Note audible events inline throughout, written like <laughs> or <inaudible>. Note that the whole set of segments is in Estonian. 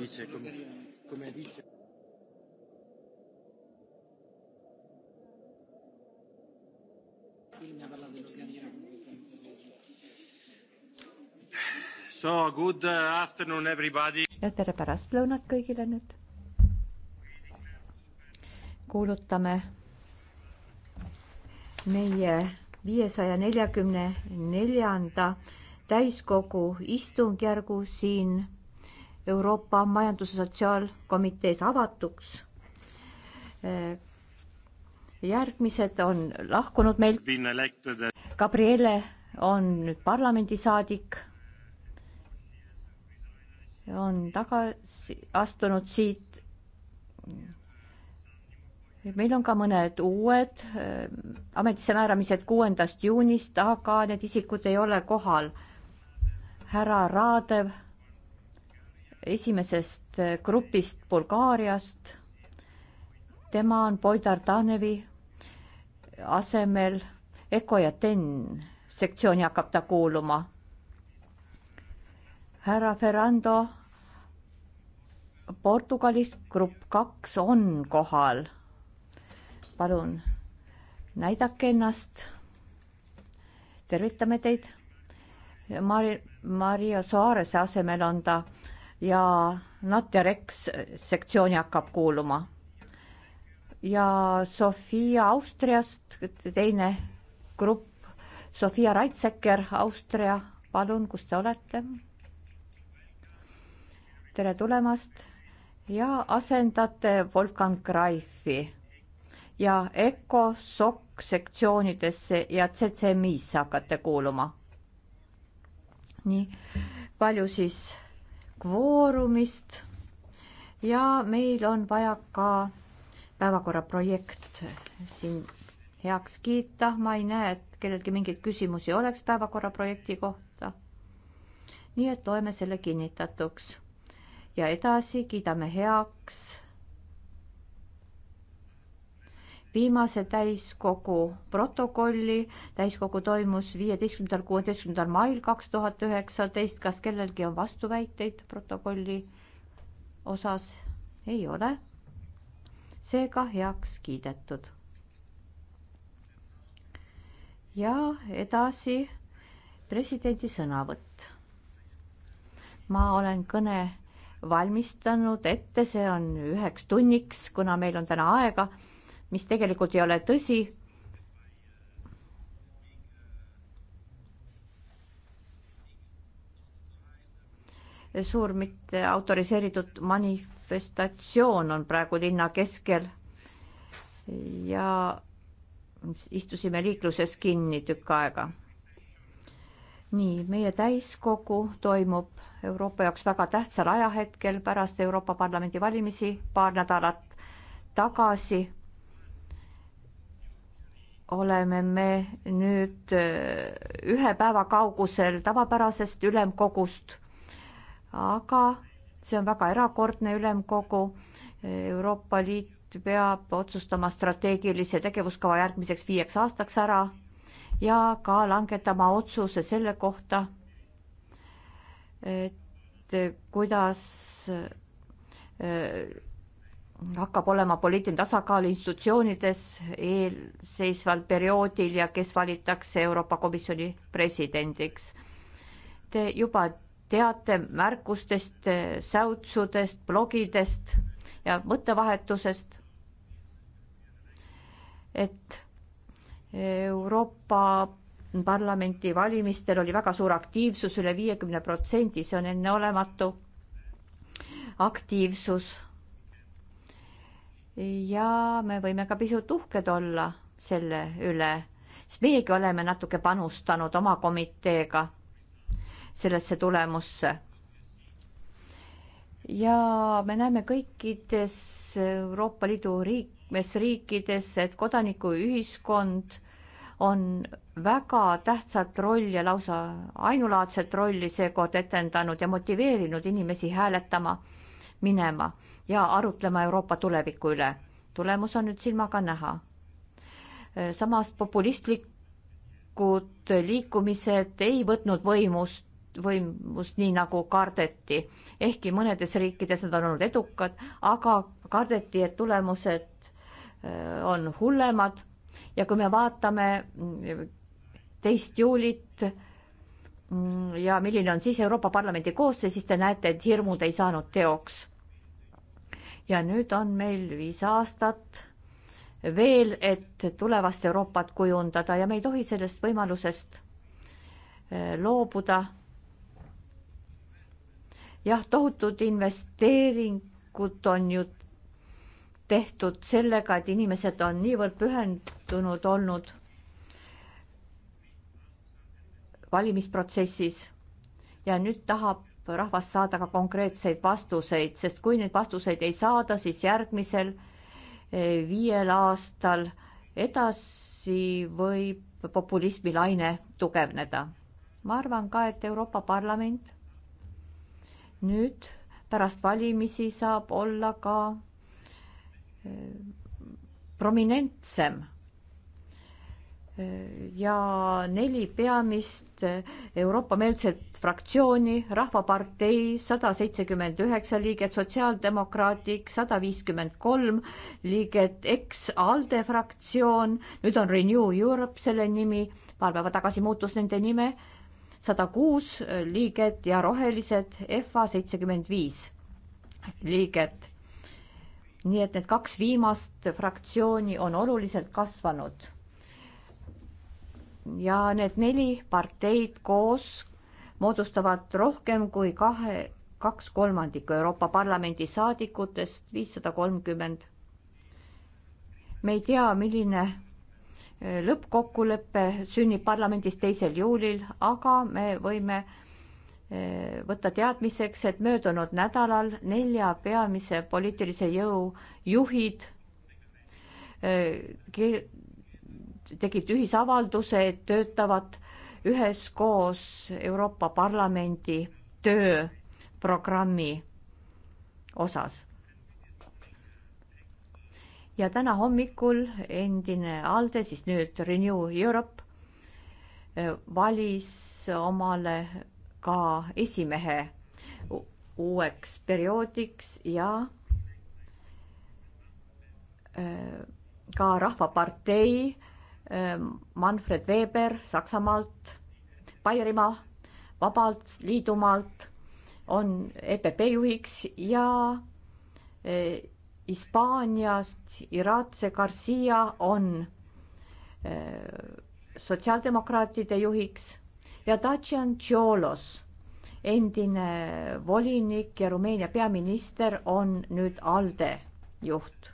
dice come, come dice So good uh, afternoon everybody. ja tere pärastlõunat kõigile nüüd. kuulutame meie viiesaja neljakümne neljanda täiskogu istungjärgu siin Euroopa Majandus- ja Sotsiaalkomitees avatuks. Äh, järgmised on lahkunud meilt. Gabriele on nüüd parlamendisaadik, on tagasi astunud siit. meil on ka mõned uued äh, ametisse määramised kuuendast juunist, aga need isikud ei ole kohal. härra Raadev esimesest eh, grupist Bulgaariast. tema on Boidar Tanevi asemel Eko ja Ten sektsiooni hakkab ta kuuluma. härra Ferrando Portugalist grupp kaks on kohal. palun näidake ennast. tervitame teid. Mari-, Maria Soarese asemel on ta äh, ja NAT ja REX sektsiooni hakkab kuuluma. ja Sofia Austriast teine grupp, Sofia Raitseker, Austria, palun, kus te olete? tere tulemast ja asendate Wolfgang Greifi ja ECO, SOC sektsioonidesse ja CCMI-sse hakkate kuuluma. nii palju siis kvoorumist ja meil on vaja ka päevakorra projekt siin heaks kiita. ma ei näe, et kellelgi mingeid küsimusi oleks päevakorra projekti kohta. nii et loeme selle kinnitatuks ja edasi kiidame heaks viimase täiskogu protokolli. täiskogu toimus viieteistkümnendal, kuueteistkümnendal mail kaks tuhat üheksateist. kas kellelgi on vastuväiteid protokolli osas? ei ole. seega heaks kiidetud. ja edasi presidendi sõnavõtt. ma olen kõne valmistanud ette, see on üheks tunniks, kuna meil on täna aega mis tegelikult ei ole tõsi. suur mitte autoriseeritud manifestatsioon on praegu linna keskel ja istusime liikluses kinni tükk aega. nii, meie täiskogu toimub Euroopa jaoks väga tähtsal ajahetkel pärast Euroopa Parlamendi valimisi paar nädalat tagasi oleme me nüüd äh, ühe päeva kaugusel tavapärasest ülemkogust, aga see on väga erakordne ülemkogu. Euroopa Liit peab otsustama strateegilise tegevuskava järgmiseks viieks aastaks ära ja ka langetama otsuse selle kohta, et kuidas äh, hakkab olema poliitiline tasakaal institutsioonides eelseisval perioodil ja kes valitakse Euroopa Komisjoni presidendiks. Te juba teate märkustest, säutsudest, blogidest ja mõttevahetusest, et Euroopa Parlamenti valimistel oli väga suur aktiivsus üle, üle viiekümne protsendi, see on enneolematu aktiivsus ja me võime ka pisut uhked olla selle üle, sest meiegi oleme natuke panustanud oma komiteega sellesse tulemusse. ja me näeme kõikides Euroopa Liidu liikmesriikides, et kodanikuühiskond on väga tähtsat rolli ja lausa ainulaadset rolli seekord etendanud ja motiveerinud inimesi hääletama minema ja arutlema Euroopa tuleviku üle. tulemus on nüüd silmaga näha. samas populistlikud liikumised ei võtnud võimust, võimust nii nagu kardeti, ehkki mõnedes riikides nad on olnud edukad, aga kardeti, et tulemused äh, on hullemad ja kui me vaatame äh, teist juulit, mm, ja milline on siis Euroopa Parlamendi koosseis, siis te näete, et hirmud ei saanud teoks ja nüüd on meil viis aastat veel, et tulevast Euroopat kujundada ja me ei tohi sellest võimalusest äh, loobuda. jah, tohutud investeeringud on ju tehtud sellega, et inimesed on niivõrd pühendunud olnud valimisprotsessis ja nüüd tahab rahvast saada ka konkreetseid vastuseid, sest kui neid vastuseid ei saada, siis järgmisel eh, viiel aastal edasi võib populismilaine tugevneda. ma arvan ka, et Euroopa Parlament nüüd pärast valimisi saab olla ka eh, prominentsem ja neli peamist Euroopa-meelset fraktsiooni, Rahvapartei sada seitsekümmend üheksa liiget, Sotsiaaldemokraatlik sada viiskümmend kolm liiget, ex-ALDE fraktsioon, nüüd on Renew Europe selle nimi, paar päeva tagasi muutus nende nime, sada kuus liiget ja Rohelised EFA seitsekümmend viis liiget. nii et need kaks viimast fraktsiooni on oluliselt kasvanud ja need neli parteid koos moodustavad rohkem kui kahe, kaks kolmandikku Euroopa Parlamendi saadikutest, viissada kolmkümmend. me ei tea, milline äh, lõppkokkulepe sünnib parlamendis teisel juulil, aga me võime äh, võtta teadmiseks, et möödunud nädalal nelja peamise poliitilise jõu juhid äh, tegid ühisavalduse, et töötavad üheskoos Euroopa Parlamendi tööprogrammi osas. ja täna hommikul endine ALDE, siis nüüd Renew Europe, eh, valis omale ka esimehe uueks perioodiks ja eh, ka Rahvapartei Äh, Manfred Weber Saksamaalt, Baierimaa Vabalt Liidumaalt on EPP juhiks ja äh, Hispaaniast Iratse Garcia on äh, sotsiaaldemokraatide juhiks ja Dacian Ciolos, endine volinik ja Rumeenia peaminister, on nüüd ALDE juht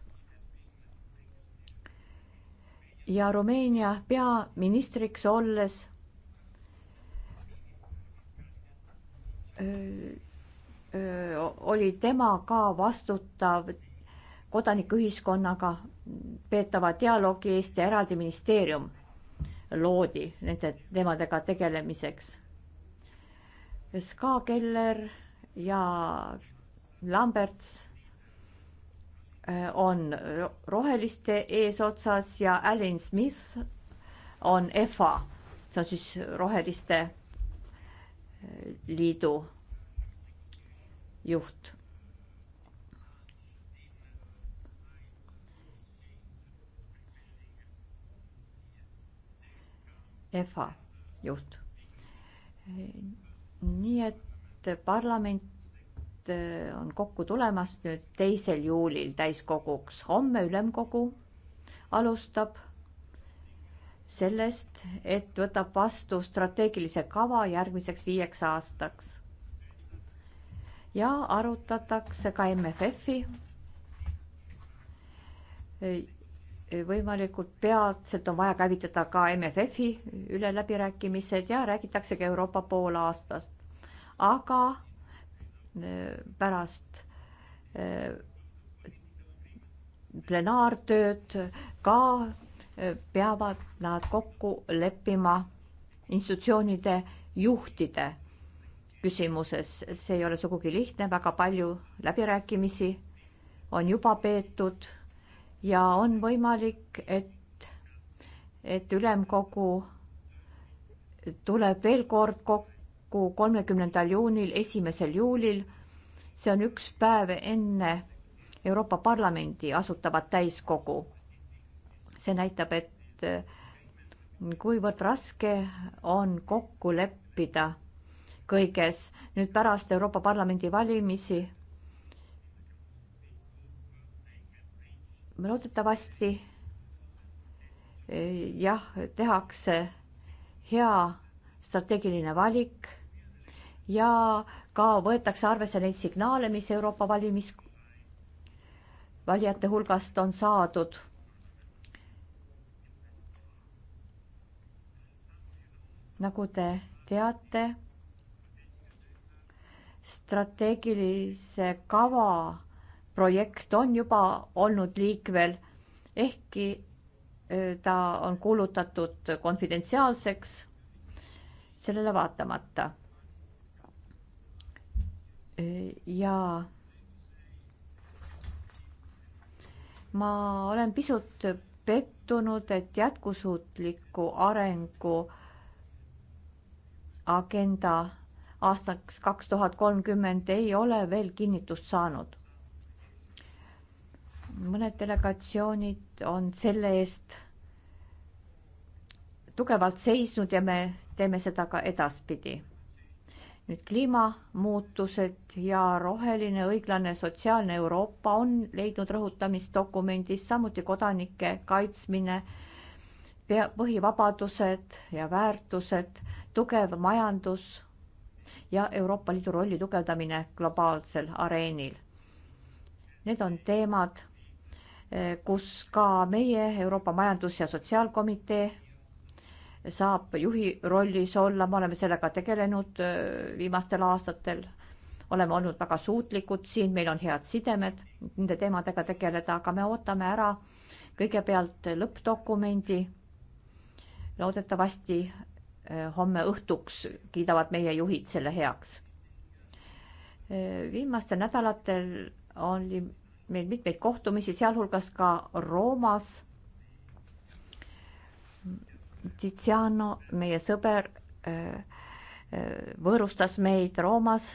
ja Rumeenia peaministriks olles öö, öö, oli tema ka vastutav kodanikuühiskonnaga peetava dialoogi eest ja eraldi ministeerium loodi nende teemadega tegelemiseks. Ska Keller ja Lamberts on roheliste eesotsas ja Alan Smith on EFA, see on siis Roheliste eh, Liidu juht. EFA juht. Eh, nii et parlament Äh, on kokku tulemas nüüd teisel juulil täiskoguks. homme ülemkogu alustab sellest, et võtab vastu strateegilise kava järgmiseks viieks aastaks. ja arutatakse ka MFF-i äh, võimalikult peatselt on vaja käivitada ka MFF-i üle läbirääkimised ja räägitakse ka Euroopa poolaastast. aga pärast äh, plenaartööd ka äh, peavad nad kokku leppima institutsioonide juhtide küsimuses. see ei ole sugugi lihtne, väga palju läbirääkimisi on juba peetud ja on võimalik, et, et ülemkogu tuleb veel kord kokku kokku kolmekümnendal juunil, esimesel juulil. see on üks päev enne Euroopa Parlamendi asutavat täiskogu. see näitab, et eh, kuivõrd raske on kokku leppida kõiges nüüd pärast Euroopa Parlamendi valimisi. loodetavasti eh, jah, tehakse hea strateegiline valik ja ka võetakse arvesse neid signaale, mis Euroopa valimis, valijate hulgast on saadud. nagu te teate, strateegilise kava projekt on juba olnud liikvel, ehkki ta on kuulutatud konfidentsiaalseks, sellele vaatamata Äh, ja ma olen pisut pettunud, et jätkusuutliku arengu agenda aastaks kaks tuhat kolmkümmend ei ole veel kinnitust saanud. mõned delegatsioonid on selle eest tugevalt seisnud ja me teeme seda ka edaspidi nüüd kliimamuutused ja roheline õiglane sotsiaalne Euroopa on leidnud rõhutamist dokumendis, samuti kodanike kaitsmine, pea, põhivabadused ja väärtused, tugev majandus ja Euroopa Liidu rolli tugevdamine globaalsel areenil. Need on teemad, eh, kus ka meie Euroopa Majandus- ja Sotsiaalkomitee saab juhi rollis olla, me oleme sellega tegelenud äh, viimastel aastatel, oleme olnud väga suutlikud, siin meil on head sidemed nende teemadega tegeleda, aga me ootame ära kõigepealt lõppdokumendi. loodetavasti äh, homme õhtuks kiidavad meie juhid selle heaks. Äh, viimastel nädalatel oli meil mitmeid kohtumisi, sealhulgas ka Roomas Tiziano, meie sõber, äh, äh, võõrustas meid Roomas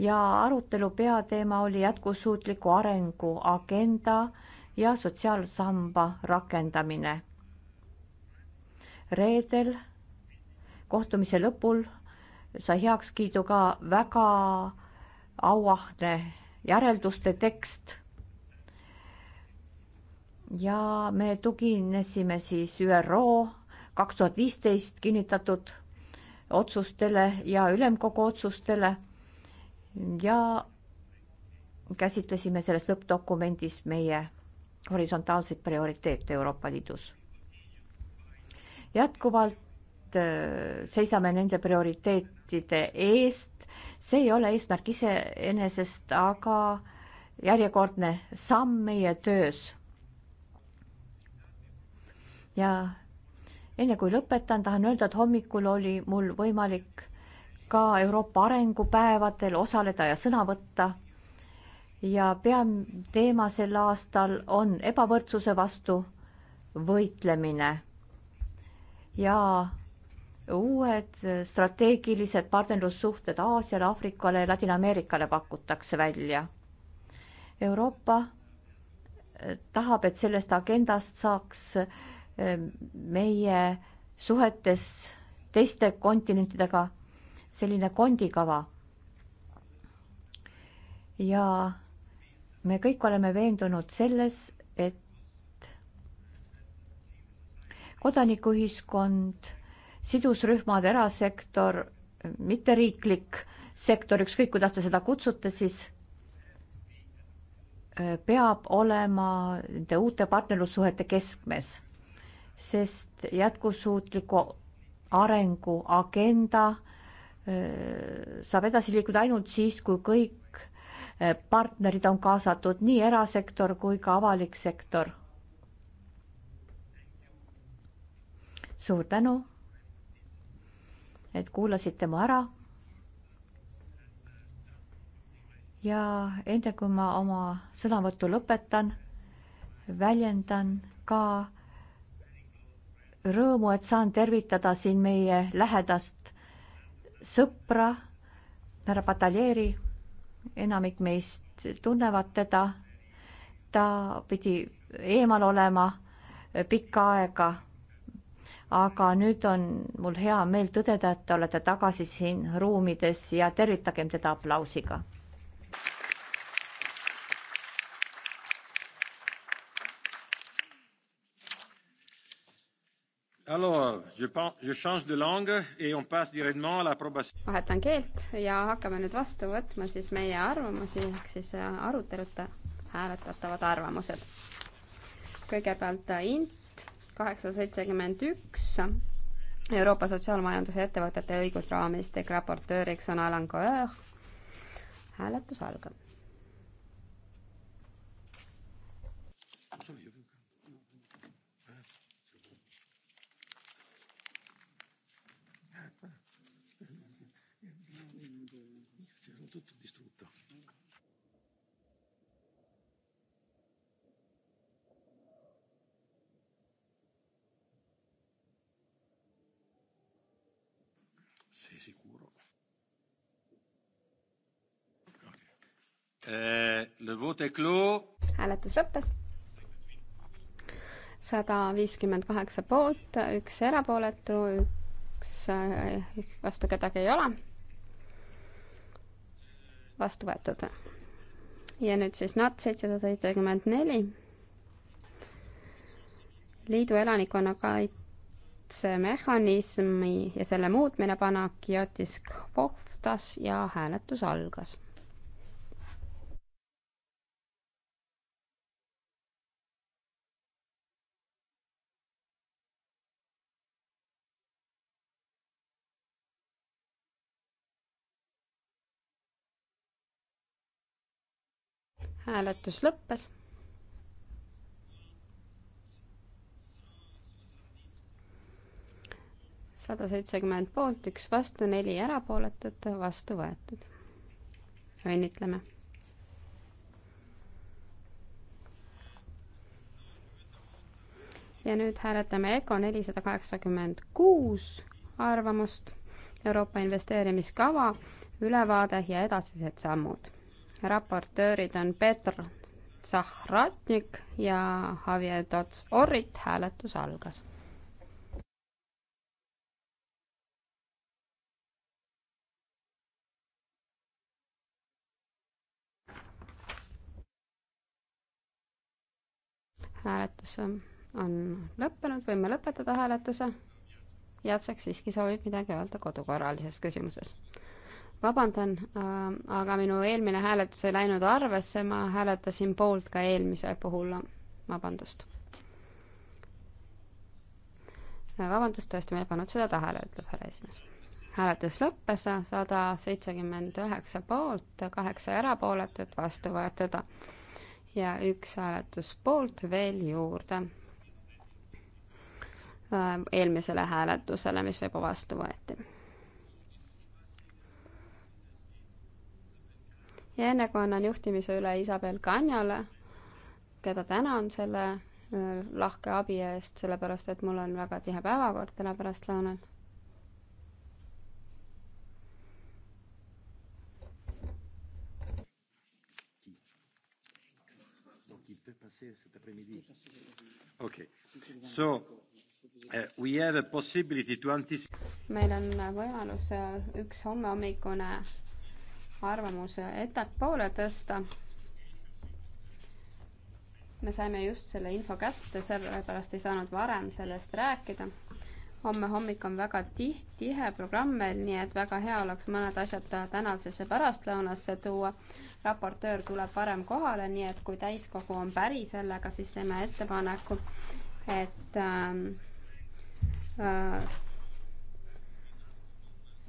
ja arutelu peateema oli jätkusuutliku arengu agenda ja sotsiaalsamba rakendamine. reedel kohtumise lõpul sai heakskiidu ka väga auahne järelduste tekst ja me tuginesime siis ÜRO kaks tuhat viisteist kinnitatud otsustele ja ülemkogu otsustele ja käsitlesime selles lõppdokumendis meie horisontaalseid prioriteete Euroopa Liidus. jätkuvalt äh, seisame nende prioriteetide eest, see ei ole eesmärk iseenesest, aga järjekordne samm meie töös ja enne kui lõpetan, tahan öelda, et hommikul oli mul võimalik ka Euroopa arengupäevadel osaleda ja sõna võtta. ja peateema sel aastal on ebavõrdsuse vastu võitlemine. ja uued strateegilised partnerlussuhted Aasiale, Aafrikale ja Ladina-Ameerikale pakutakse välja. Euroopa eh, tahab, et sellest agendast saaks meie suhetes teiste kontinentidega selline kondikava. ja me kõik oleme veendunud selles, et kodanikuühiskond, sidusrühmad, erasektor, mitteriiklik sektor, ükskõik kuidas te seda kutsute, siis äh, peab olema nende uute partnerlussuhete keskmes sest jätkusuutliku arengu agenda saab edasi liikuda ainult siis, kui kõik partnerid on kaasatud, nii erasektor kui ka avalik sektor. suur tänu, et kuulasite mu ära. ja enne kui ma oma sõnavõttu lõpetan, väljendan ka rõõmu, et saan tervitada siin meie lähedast sõpra, härra Pataljeri. enamik meist tunnevad teda. ta pidi eemal olema pikka aega. aga nüüd on mul hea meel tõdeda, et te olete tagasi siin ruumides ja tervitagem teda aplausiga vahetan keelt ja hakkame nüüd vastu võtma siis meie arvamusi, ehk siis äh, aruteluta hääletatavad arvamused. kõigepealt äh, int kaheksasada seitsekümmend üks, Euroopa Sotsiaalmajanduse Ettevõtete õigusraamistik, raportööriks on Alan Coeur. hääletus algab Sei sicuro? Eh, hääletus lõppes. sada viiskümmend kaheksa poolt, üks erapooletu, üks eh, vastu kedagi ei ole. vastu võetud. ja nüüd siis NAT seitsesada seitsekümmend neli. liidu elanikkonnakaitse kaitsemehhanismi ja selle muutmine pana Kiotis kohtas ja hääletus algas. hääletus lõppes sada seitsekümmend poolt, üks vastu, neli erapooletut, vastu võetud. õnnitleme. ja nüüd hääletame ECO nelisada kaheksakümmend kuus arvamust, Euroopa investeerimiskava, ülevaade ja edasised sammud. raportöörid on Peeter Zahratnik ja Javier Tots-Orrit, hääletus algas hääletus on lõppenud, võime lõpetada hääletuse. Jacek siiski soovib midagi öelda kodukorralises küsimuses. vabandan, äh, aga minu eelmine hääletus ei läinud arvesse, ma hääletasin poolt ka eelmise puhul, vabandust. Äh, vabandust, tõesti, ma ei pannud seda tähele, ütleb härra esimees. hääletus lõppes, sada seitsekümmend üheksa poolt, kaheksa erapooletut, vastu võetud ja üks hääletus poolt veel juurde äh, eelmisele hääletusele, mis juba vastu võeti. ja enne kui annan juhtimise üle Isabel Kanjale, keda tänan selle äh, lahke abi eest, sellepärast et mul on väga tihe päevakord täna pärastlõunal passer cet après-midi. Okay. So uh, we have a possibility to anticipate. meil on võimalus äh, üks hommehommikune arvamus ettepoole tõsta. me saime just selle info kätte, sellepärast ei saanud varem sellest rääkida homme hommik on väga tih-, tihe programm meil, nii et väga hea oleks mõned asjad tänasesse pärastlõunasse tuua. raportöör tuleb varem kohale, nii et kui täiskogu on päri sellega, siis teeme ettepaneku, et äh, äh,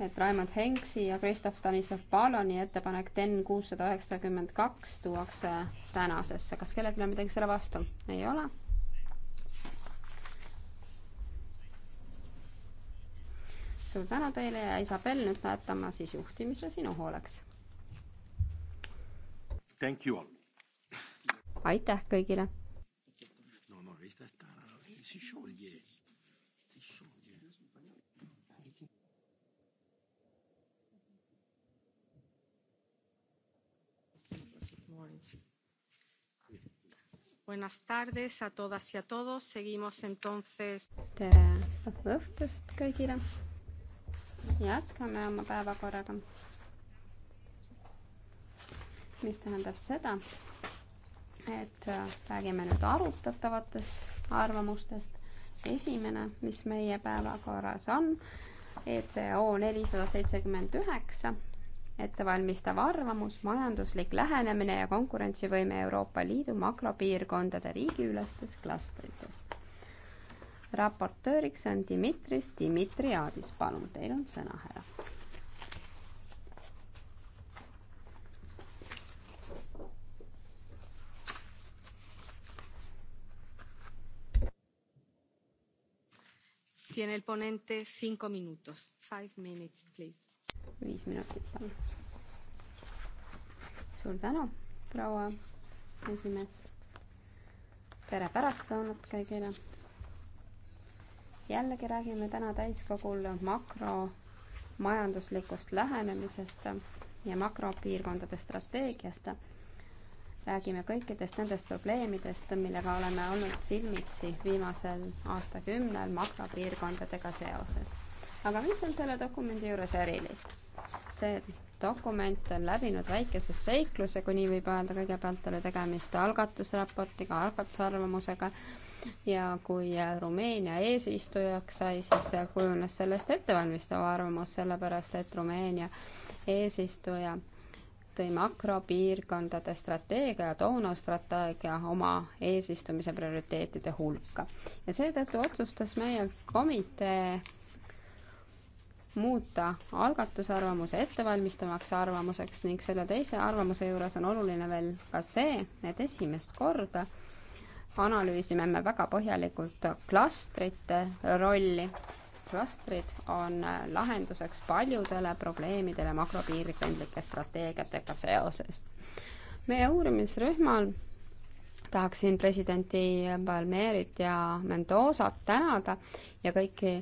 et Raimond Henksi ja Kristof Stanislav Paloni ettepanek TEN kuussada üheksakümmend kaks tuuakse tänasesse. kas kellelgi on midagi selle vastu? ei ole suur tänu teile ja Isabel, nüüd jätan ma siis juhtimise sinu hooleks. aitäh kõigile. no no ei tähta ära, siis oli. Buenas tardes a todas y a todos. Seguimos entonces. tere õhtust kõigile jätkame oma päevakorraga. mis tähendab seda, et äh, räägime nüüd arutatavatest arvamustest. esimene, mis meie päevakorras on, ECO nelisada seitsekümmend üheksa, ettevalmistav arvamus, majanduslik lähenemine ja konkurentsivõime Euroopa Liidu makropiirkondade riigiülestes klastrites raportööriks on Dimitris Dimitriadis, palun, teil on sõna, härra. Tiene el ponente cinco minutos. Five minutes, please. viis minutit, palun. suur tänu, proua esimees. tere pärastlõunat kõigile jällegi räägime täna täiskogul makromajanduslikust lähenemisest ja makropiirkondade strateegiast. räägime kõikidest nendest probleemidest, millega oleme olnud silmitsi viimasel aastakümnel makropiirkondadega seoses. aga mis on selle dokumendi juures erilist? see dokument on läbinud väikese seikluse, kui nii võib öelda, kõigepealt oli tegemist algatusraportiga, algatusarvamusega ja kui äh, Rumeenia eesistujaks sai, siis äh, kujunes sellest ettevalmistav arvamus, sellepärast et Rumeenia eesistuja tõi makropiirkondade strateegia ja toonastrateegia oma eesistumise prioriteetide hulka. ja seetõttu otsustas meie komitee muuta algatusarvamuse ettevalmistavaks arvamuseks ning selle teise arvamuse juures on oluline veel ka see, et esimest korda analüüsime me väga põhjalikult klastrite rolli. klastrid on äh, lahenduseks paljudele probleemidele makropiirkondlike strateegiatega seoses. meie uurimisrühmal tahaksin presidenti Palmeerit ja Mendozat tänada ja kõiki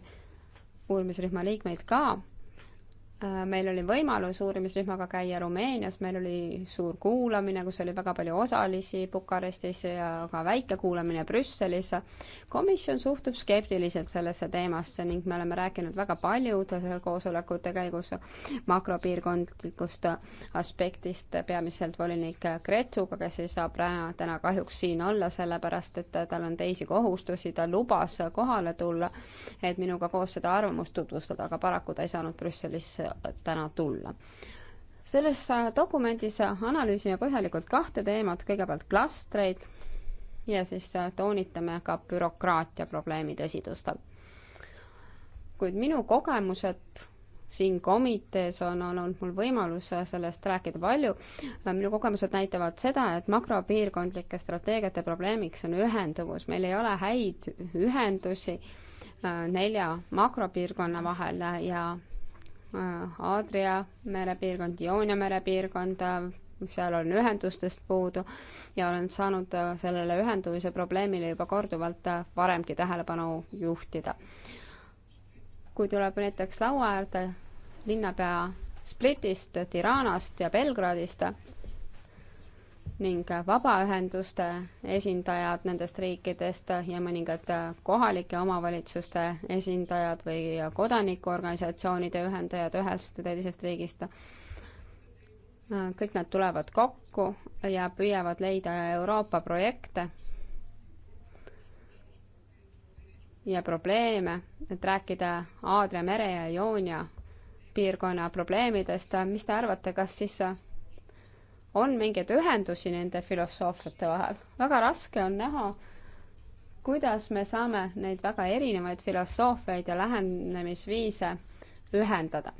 uurimisrühma liikmeid ka Äh, meil oli võimalus uurimisrühmaga käia Rumeenias, meil oli suur kuulamine, kus oli väga palju osalisi Bukarestis ja ka väike kuulamine Brüsselis. komisjon suhtub skeptiliselt sellesse teemasse ning me oleme rääkinud väga paljude koosolekute käigus makropiirkondlikust aspektist, peamiselt volinik Gretuga, kes ei saa praegu, täna kahjuks siin olla, sellepärast et tal on teisi kohustusi, ta lubas kohale tulla, et minuga koos seda arvamust tutvustada, aga paraku ta ei saanud Brüsselisse täna tulla. selles äh, dokumendis äh, analüüsime põhjalikult kahte teemat, kõigepealt klastreid ja siis äh, toonitame ka bürokraatia probleemi tõsidust. kuid minu kogemused siin komitees on olnud mul võimalus sellest rääkida palju. minu kogemused näitavad seda, et makropiirkondlike strateegiate probleemiks on ühenduvus, meil ei ole häid ühendusi nelja makropiirkonna vahel ja Äh, Aadria merepiirkond, Ioonia merepiirkond, äh, seal on ühendustest puudu ja olen saanud äh, sellele ühendumise probleemile juba korduvalt varemgi tähelepanu juhtida. kui tuleb näiteks laua äärde linnapea Splitist, Tiranast ja Belgradist, ning vabaühenduste esindajad nendest riikidest ja mõningad kohalike omavalitsuste esindajad või kodanikuorganisatsioonide ühendajad ühest või teisest riigist. kõik nad tulevad kokku ja püüavad leida Euroopa projekte ja probleeme, et rääkida Aadria mere ja Joonia piirkonna probleemidest. mis te arvate, kas siis on mingeid ühendusi nende filosoofiate vahel. väga raske on näha, kuidas me saame neid väga erinevaid filosoofiaid ja lähenemisviise ühendada.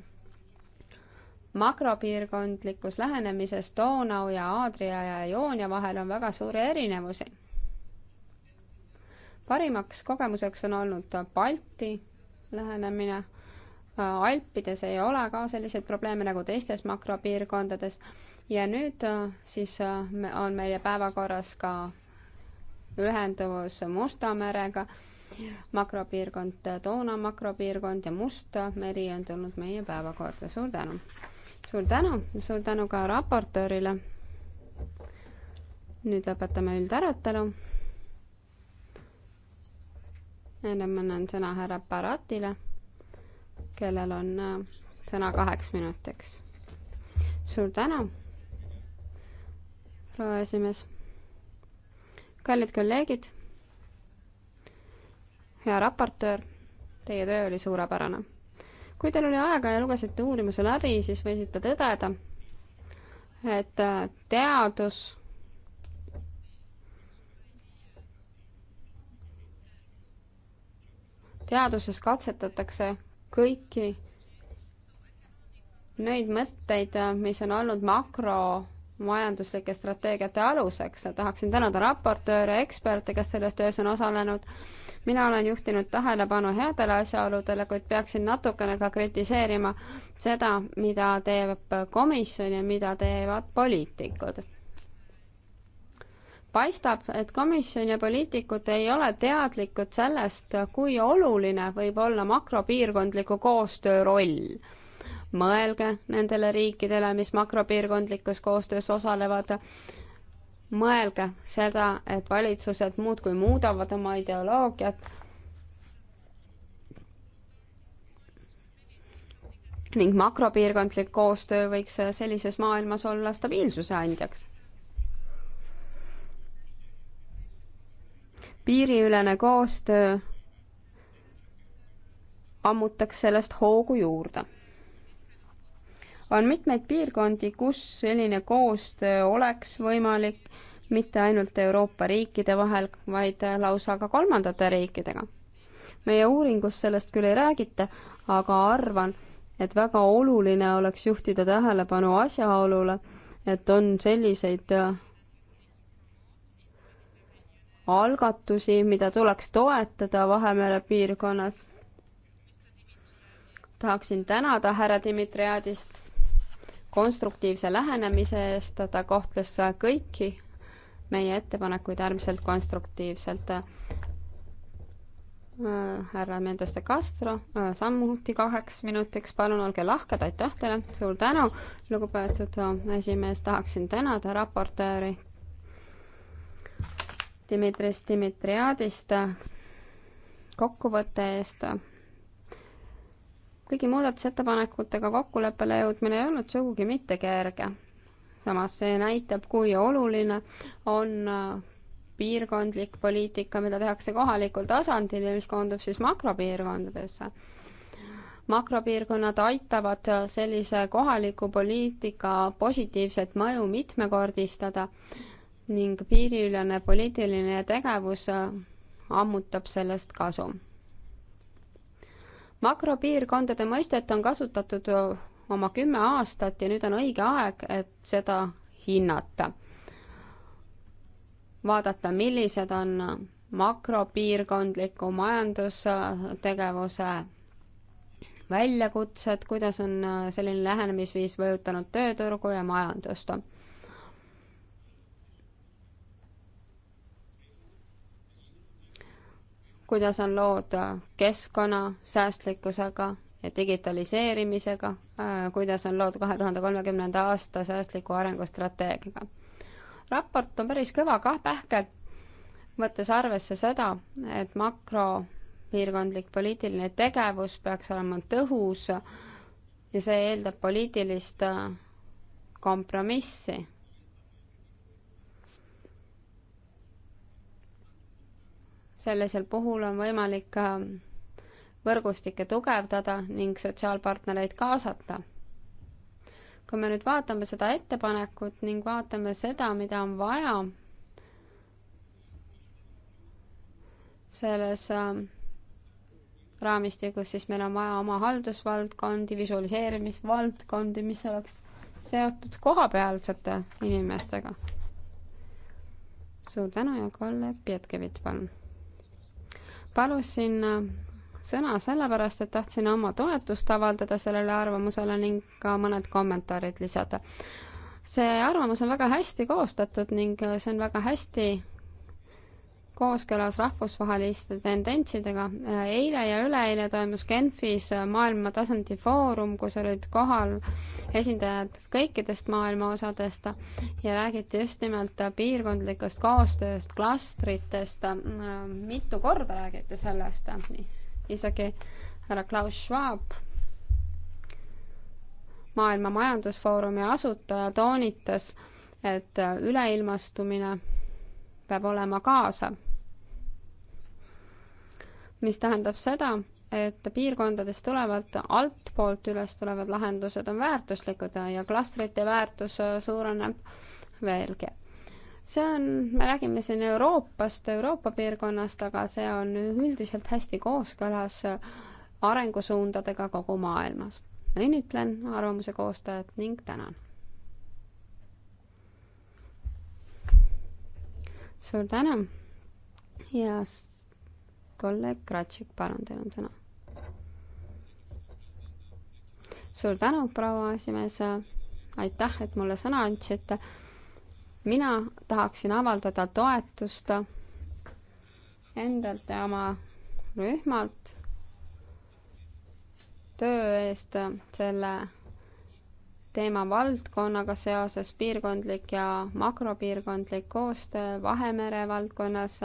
makropiirkondlikus lähenemises Donau ja Aadria ja Ioonia vahel on väga suuri erinevusi. parimaks kogemuseks on olnud Balti lähenemine Alpides ei ole ka selliseid probleeme nagu teistes makropiirkondades ja nüüd äh, siis äh, on meie päevakorras ka ühenduvus Musta merega, makropiirkond, Doona äh, makropiirkond ja Must meri on tulnud meie päevakorda, suur tänu! suur tänu, suur tänu ka raportöörile. nüüd lõpetame üldarutelu. ennem annan sõna härra Baratile, kellel on sõna kaheks minutiks. suur tänu proua esimees. kallid kolleegid, hea raportöör, teie töö oli suurepärane. kui teil oli aega ja lugesite uurimuse läbi, siis võisite tõdeda, et äh, teadus teaduses katsetatakse kõiki neid mõtteid, äh, mis on olnud makro majanduslike strateegiate aluseks. tahaksin tänada raportööre, eksperte, kes selles töös on osalenud. mina olen juhtinud tähelepanu headele asjaoludele, kuid peaksin natukene ka kritiseerima seda, mida teeb komisjon ja mida teevad poliitikud paistab, et komisjon ja poliitikud ei ole teadlikud sellest, kui oluline võib olla makropiirkondliku koostöö roll mõelge nendele riikidele, mis makropiirkondlikus koostöös osalevad, mõelge seda, et valitsused muudkui muudavad oma ideoloogiat ning makropiirkondlik koostöö võiks sellises maailmas olla stabiilsuse andjaks. piiriülene koostöö ammutaks sellest hoogu juurde on mitmeid piirkondi, kus selline koostöö oleks võimalik mitte ainult Euroopa riikide vahel, vaid lausa ka kolmandate riikidega. meie uuringus sellest küll ei räägita, aga arvan, et väga oluline oleks juhtida tähelepanu asjaolule, et on selliseid äh, algatusi, mida tuleks toetada Vahemere piirkonnas. tahaksin tänada härra Dmitriadist konstruktiivse lähenemise eest, ta kohtles kõiki meie ettepanekuid äärmiselt konstruktiivselt. härra Mendes de Castro, samuti kaheks minutiks, palun olge lahked, aitäh teile, suur tänu, lugupeetud esimees, tahaksin tänada raportööri Dimitris Dimitriadist kokkuvõtte eest kõigi muudatusettepanekutega kokkuleppele jõudmine ei olnud sugugi mitte kerge. samas see näitab, kui oluline on äh, piirkondlik poliitika, mida tehakse kohalikul tasandil ja mis koondub siis makropiirkondadesse. makropiirkonnad aitavad sellise kohaliku poliitika positiivset mõju mitmekordistada ning piiriülene poliitiline tegevus äh, ammutab sellest kasu makropiirkondade mõistet on kasutatud oma kümme aastat ja nüüd on õige aeg, et seda hinnata. vaadata, millised on makropiirkondliku majandustegevuse väljakutsed, kuidas on selline lähenemisviis mõjutanud tööturgu ja majandust kuidas on lood äh, keskkonnasäästlikkusega ja digitaliseerimisega, äh, kuidas on lood kahe tuhande kolmekümnenda aasta säästliku arengustrateegiaga. raport on päris kõva kah pähkel, võttes arvesse seda, et makropiirkondlik poliitiline tegevus peaks olema tõhus ja see eeldab poliitilist äh, kompromissi sellisel puhul on võimalik äh, võrgustikke tugevdada ning sotsiaalpartnereid kaasata. kui me nüüd vaatame seda ettepanekut ning vaatame seda, mida on vaja selles äh, raamistikus, siis meil on vaja oma haldusvaldkondi, visualiseerimisvaldkondi, mis oleks seotud kohapealsete inimestega. suur tänu ja kolleeg Pietkevit, palun palusin äh, sõna sellepärast, et tahtsin oma toetust avaldada sellele arvamusele ning ka mõned kommentaarid lisada. see arvamus on väga hästi koostatud ning äh, see on väga hästi kooskõlas rahvusvaheliste tendentsidega. eile ja üleeile toimus Genfis maailmatasandi foorum, kus olid kohal esindajad kõikidest maailma osadest ja räägiti just nimelt piirkondlikust koostööst, klastritest. mitu korda räägiti sellest, isegi härra Klaus Schwab maailma majandusfoorumi asutaja toonitas, et üleilmastumine peab olema kaasav mis tähendab seda, et piirkondadest tulevad, altpoolt üles tulevad lahendused on väärtuslikud ja klastrite väärtus äh, suureneb veelgi. see on, me räägime siin Euroopast, Euroopa piirkonnast, aga see on üldiselt hästi kooskõlas äh, arengusuundadega kogu maailmas. õnnitlen arvamuse koostajat ning tänan. suur tänu ja kolleeg Kratšik, palun, teil on sõna. suur tänu, proua esimees. aitäh, et mulle sõna andsite. mina tahaksin avaldada toetust endalt ja oma rühmalt töö eest selle teemavaldkonnaga seoses piirkondlik ja makropiirkondlik koostöö Vahemere valdkonnas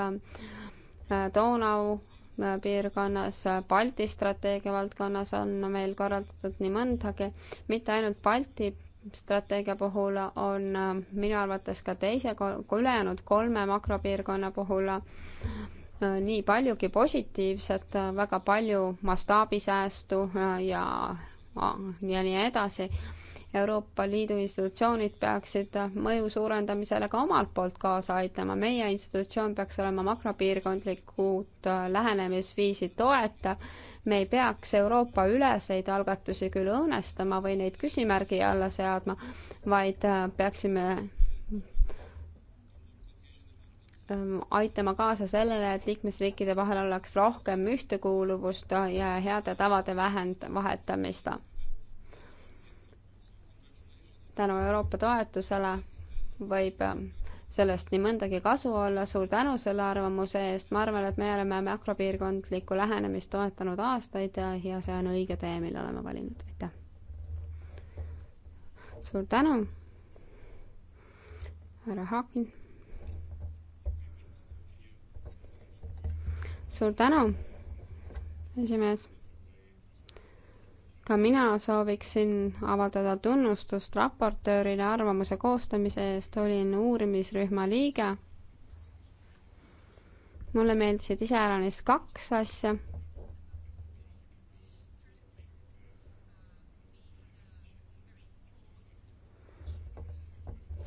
Donau äh, piirkonnas, äh, Balti strateegia valdkonnas on meil korraldatud nii mõndagi, mitte ainult Balti strateegia puhul on äh, minu arvates ka teise, ülejäänud kolme makropiirkonna puhul nii paljugi positiivset, väga palju mastaabisäästu ja ja nii edasi Euroopa Liidu institutsioonid peaksid mõju suurendamisele ka omalt poolt kaasa aitama. meie institutsioon peaks olema makropiirkondlikud äh, lähenemisviisi toetav. me ei peaks Euroopa-üleseid algatusi küll õõnestama või neid küsimärgi alla seadma, vaid äh, peaksime ähm, aitama kaasa sellele, et liikmesriikide vahel oleks rohkem ühtekuuluvust ja heade tavade vähend-, vahetamist tänu Euroopa toetusele võib äh, sellest nii mõndagi kasu olla, suur tänu selle arvamuse eest, ma arvan, et me oleme makropiirkondlikku lähenemist toetanud aastaid ja, ja see on õige tee, mille oleme valinud, aitäh. suur tänu, härra Haakin. suur tänu, esimees ka mina sooviksin avaldada tunnustust raportöörile arvamuse koostamise eest, olin uurimisrühma liige. mulle meeldisid iseäranis kaks asja.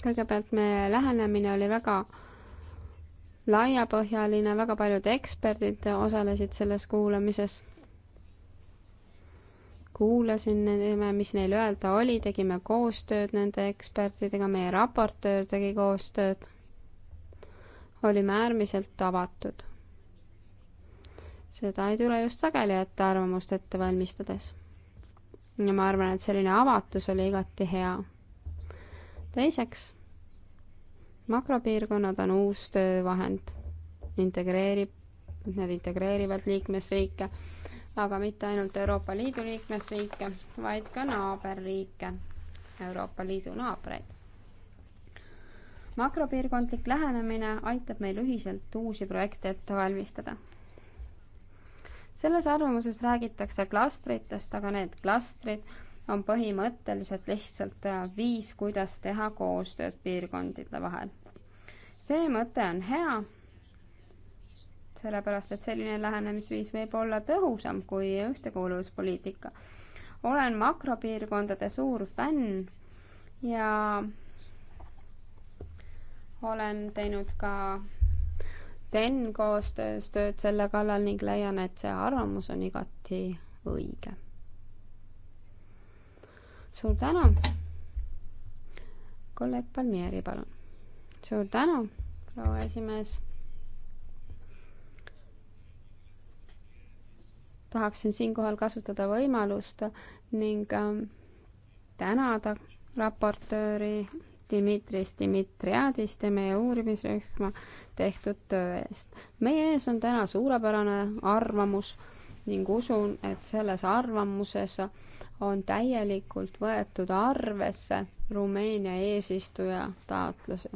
kõigepealt meie lähenemine oli väga laiapõhjaline, väga paljud eksperdid osalesid selles kuulamises kuulasime, mis neil öelda oli, tegime koostööd nende ekspertidega, meie raportöör tegi koostööd. olime äärmiselt avatud. seda ei tule just sageli ette arvamust ette valmistades. ja ma arvan, et selline avatus oli igati hea. teiseks, makropiirkonnad on uus töövahend, integreerib, nad integreerivad liikmesriike aga mitte ainult Euroopa Liidu liikmesriike, vaid ka naaberriike, Euroopa Liidu naabreid. makropiirkondlik lähenemine aitab meil ühiselt uusi projekte ette valmistada. selles arvamuses räägitakse klastritest, aga need klastrid on põhimõtteliselt lihtsalt äh, viis, kuidas teha koostööd piirkondade vahel. see mõte on hea sellepärast et selline lähenemisviis võib olla tõhusam kui ühtekuuluvuspoliitika. olen makropiirkondade suur fänn ja olen teinud ka TEN koostöös tööd selle kallal ning leian, et see arvamus on igati õige. suur tänu. kolleeg Palmieri, palun. suur tänu, proua esimees tahaksin siinkohal kasutada võimalust ning ähm, tänada raportööri Dimitris Dimitriadist ja meie uurimisrühma tehtud töö eest. meie ees on täna suurepärane arvamus ning usun, et selles arvamuses on täielikult võetud arvesse Rumeenia eesistuja taotlusi.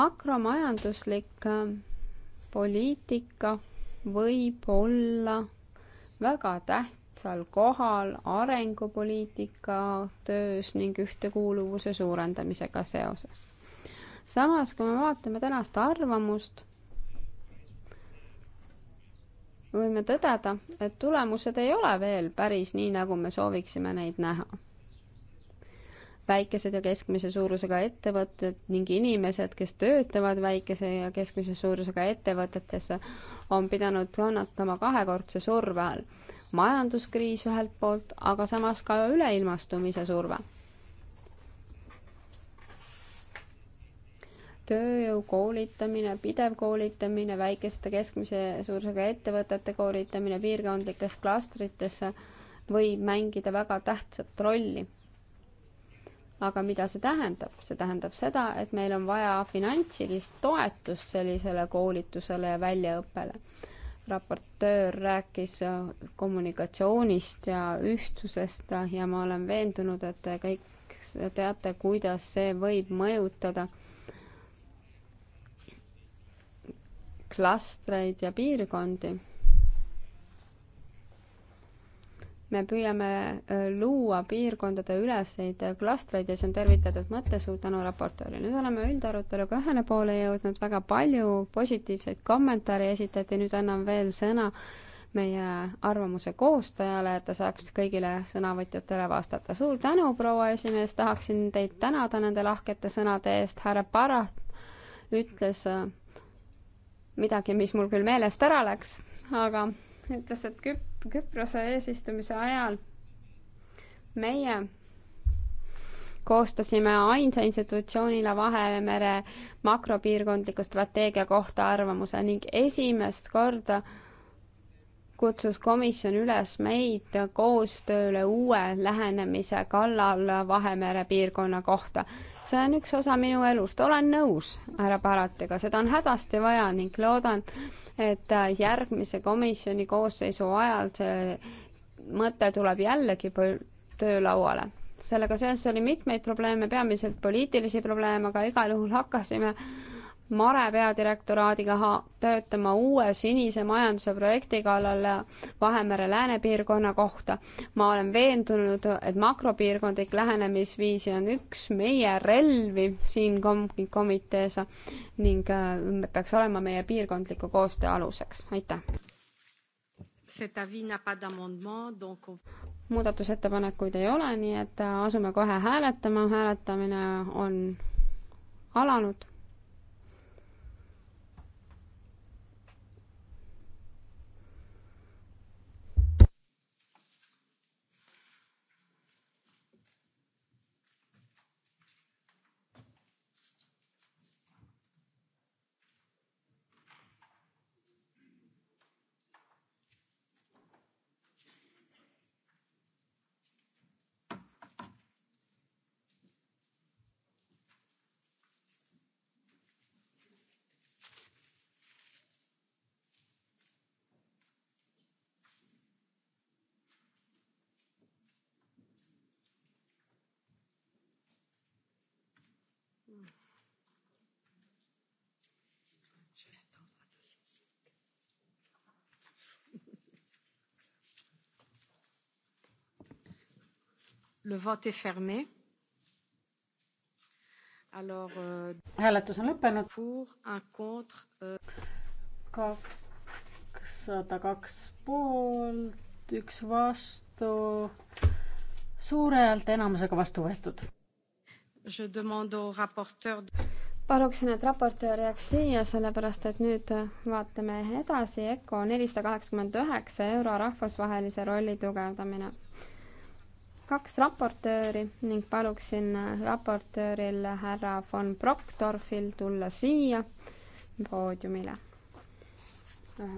makromajanduslik ähm, poliitika võib olla väga tähtsal kohal arengupoliitika töös ning ühtekuuluvuse suurendamisega seoses. samas, kui me vaatame tänast arvamust, võime tõdeda, et tulemused ei ole veel päris nii, nagu me sooviksime neid näha väikesed ja keskmise suurusega ettevõtted ning inimesed, kes töötavad väikese ja keskmise suurusega ettevõtetes, on pidanud kannatama kahekordse surve all. majanduskriis ühelt poolt, aga samas ka üleilmastumise surve. tööjõu koolitamine, pidev koolitamine, väikeste keskmise suurusega ettevõtete koolitamine piirkondlikes klastritesse võib mängida väga tähtsat rolli aga mida see tähendab? see tähendab seda, et meil on vaja finantsilist toetust sellisele koolitusele ja väljaõppele. raportöör rääkis äh, kommunikatsioonist ja ühtsusest ja ma olen veendunud, et te kõik teate, kuidas see võib mõjutada klastreid ja piirkondi me püüame äh, luua piirkondade üleseid äh, klastreid ja see on tervitatud mõte, suur tänu raportöörile. nüüd oleme üldaruteluga ühele poole jõudnud, väga palju positiivseid kommentaare esitati, nüüd annan veel sõna meie arvamuse koostajale, et ta saaks kõigile sõnavõtjatele vastata. suur tänu, proua esimees, tahaksin teid tänada nende lahkete sõnade eest, härra Parat ütles äh, midagi, mis mul küll meelest ära läks, aga ütles, et küp-, Küprose eesistumise ajal meie koostasime ainsa institutsioonina Vahemere makropiirkondliku strateegia kohta arvamuse ning esimest korda kutsus komisjon üles meid koostööle uue lähenemise kallal Vahemere piirkonna kohta. see on üks osa minu elust, olen nõus härra Paratiga, seda on hädasti vaja ning loodan, et äh, järgmise komisjoni koosseisu ajal see mõte tuleb jällegi töölauale. sellega seoses oli mitmeid probleeme, peamiselt poliitilisi probleeme, aga igal juhul hakkasime äh, Mare peadirektoraadiga töötama uue sinise majanduse projekti kallal Vahemere läänepiirkonna kohta. ma olen veendunud, et makropiirkondlik lähenemisviisi on üks meie relvi siin kom-, komitees ning äh, peaks olema meie piirkondliku koostöö aluseks, aitäh. muudatusettepanekuid ei ole, nii et äh, asume kohe hääletama, hääletamine on alanud Le vote est fermé. Alors, euh, hääletus on lõppenud. Pour, un contre euh.... kakssada kaks poolt, üks vastu, suure häälteenamusega vastu võetud. Je demande au rapporteur paluksin, et raportöör jääks siia, sellepärast et nüüd vaatame edasi, ECO nelisada kaheksakümmend üheksa euro rahvusvahelise rolli tugevdamine kaks raportööri ning paluksin äh, raportööril härra von Brockdorfil tulla siia poodiumile. Äh,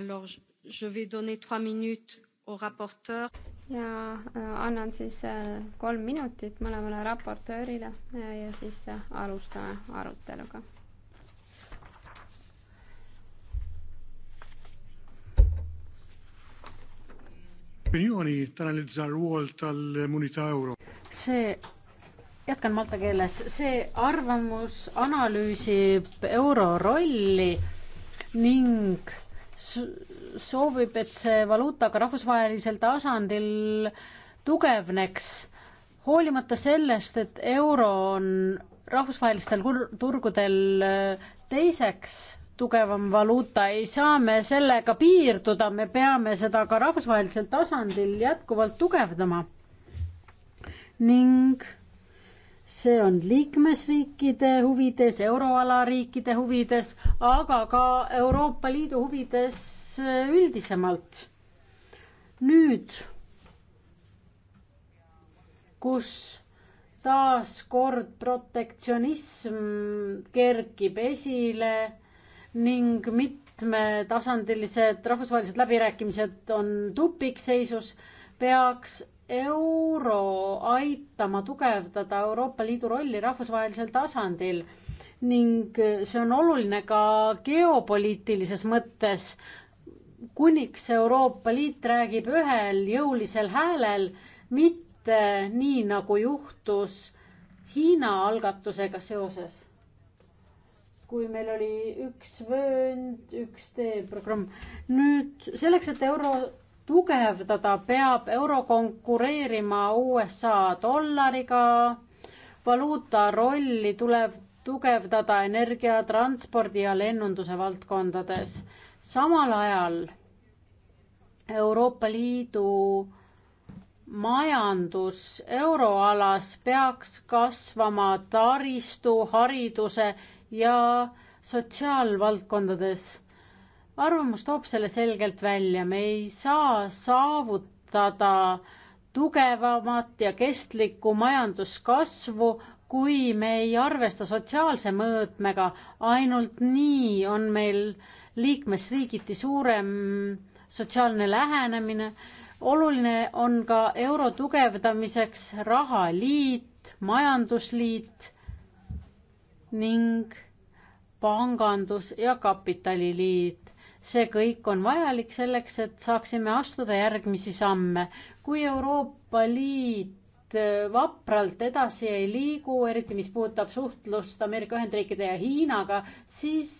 Alors, je vais donner trois minutes au rapporteur. ja äh, annan siis äh, kolm minutit mõlemale raportöörile äh, ja siis alustame aruteluga. opiniooni tänalises rool tal Munita Euro. see jätkan malta keeles, see arvamus analüüsib euro rolli ning soovib, et see valuuta ka rahvusvahelisel tasandil tugevneks, hoolimata sellest, et euro on rahvusvahelistel turgudel äh, teiseks tugevam valuuta, ei saa me sellega piirduda, me peame seda ka rahvusvahelisel tasandil jätkuvalt tugevdama. ning see on liikmesriikide huvides, euroala riikide huvides, aga ka Euroopa Liidu huvides eh, üldisemalt. nüüd, kus taaskord protektsionism kerkib esile ning mitmetasandilised rahvusvahelised läbirääkimised on tupikseisus, peaks euro aitama tugevdada Euroopa Liidu rolli rahvusvahelisel tasandil ning see on oluline ka geopoliitilises mõttes. kuniks Euroopa Liit räägib ühel jõulisel häälel, mitte nii, nagu juhtus Hiina algatusega seoses. kui meil oli üks vöönd, üks teeprogramm. nüüd selleks, et euro tugevdada, peab euro konkureerima USA dollariga, valuuta rolli tuleb tugevdada energia, transpordi ja lennunduse valdkondades. samal ajal Euroopa Liidu majandus euroalas peaks kasvama taristu, hariduse ja sotsiaalvaldkondades arvamus toob selle selgelt välja, me ei saa saavutada tugevamat ja kestlikku majanduskasvu, kui me ei arvesta sotsiaalse mõõtmega, ainult nii on meil liikmesriigiti suurem sotsiaalne lähenemine. oluline on ka euro tugevdamiseks rahaliit, majandusliit ning pangandus- ja kapitaliliit see kõik on vajalik selleks, et saaksime astuda järgmisi samme. kui Euroopa Liit äh, vapralt edasi ei liigu, eriti mis puudutab suhtlust Ameerika Ühendriikide ja Hiinaga, siis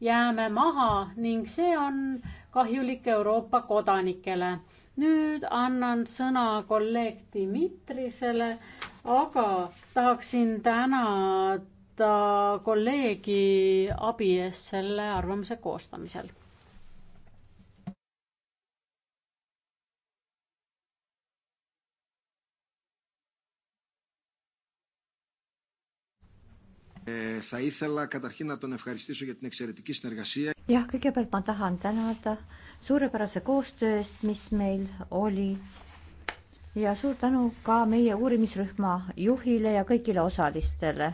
jääme maha ning see on kahjulik Euroopa kodanikele. nüüd annan sõna kolleeg Dimitrisele, aga tahaksin tänada tänada kolleegi abi eest selle arvamuse koostamisel. Eh, jah, kõigepealt ma tahan tänada suurepärase koostöö eest, mis meil oli ja suur tänu ka meie uurimisrühma juhile ja kõigile osalistele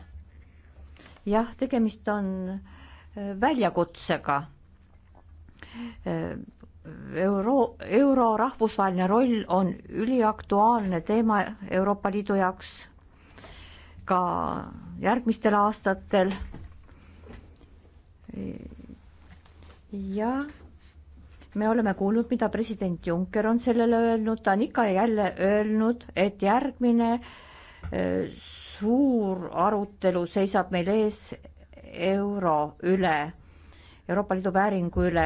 jah, tegemist on äh, väljakutsega. Äh, euro, euro rahvusvaheline roll on üliaktuaalne teema Euroopa Liidu jaoks ka järgmistel aastatel. ja me oleme kuulnud, mida president Juncker on sellele öelnud, ta on ikka ja jälle öelnud, et järgmine äh, suur arutelu seisab meil ees euro üle, Euroopa Liidu vääringu üle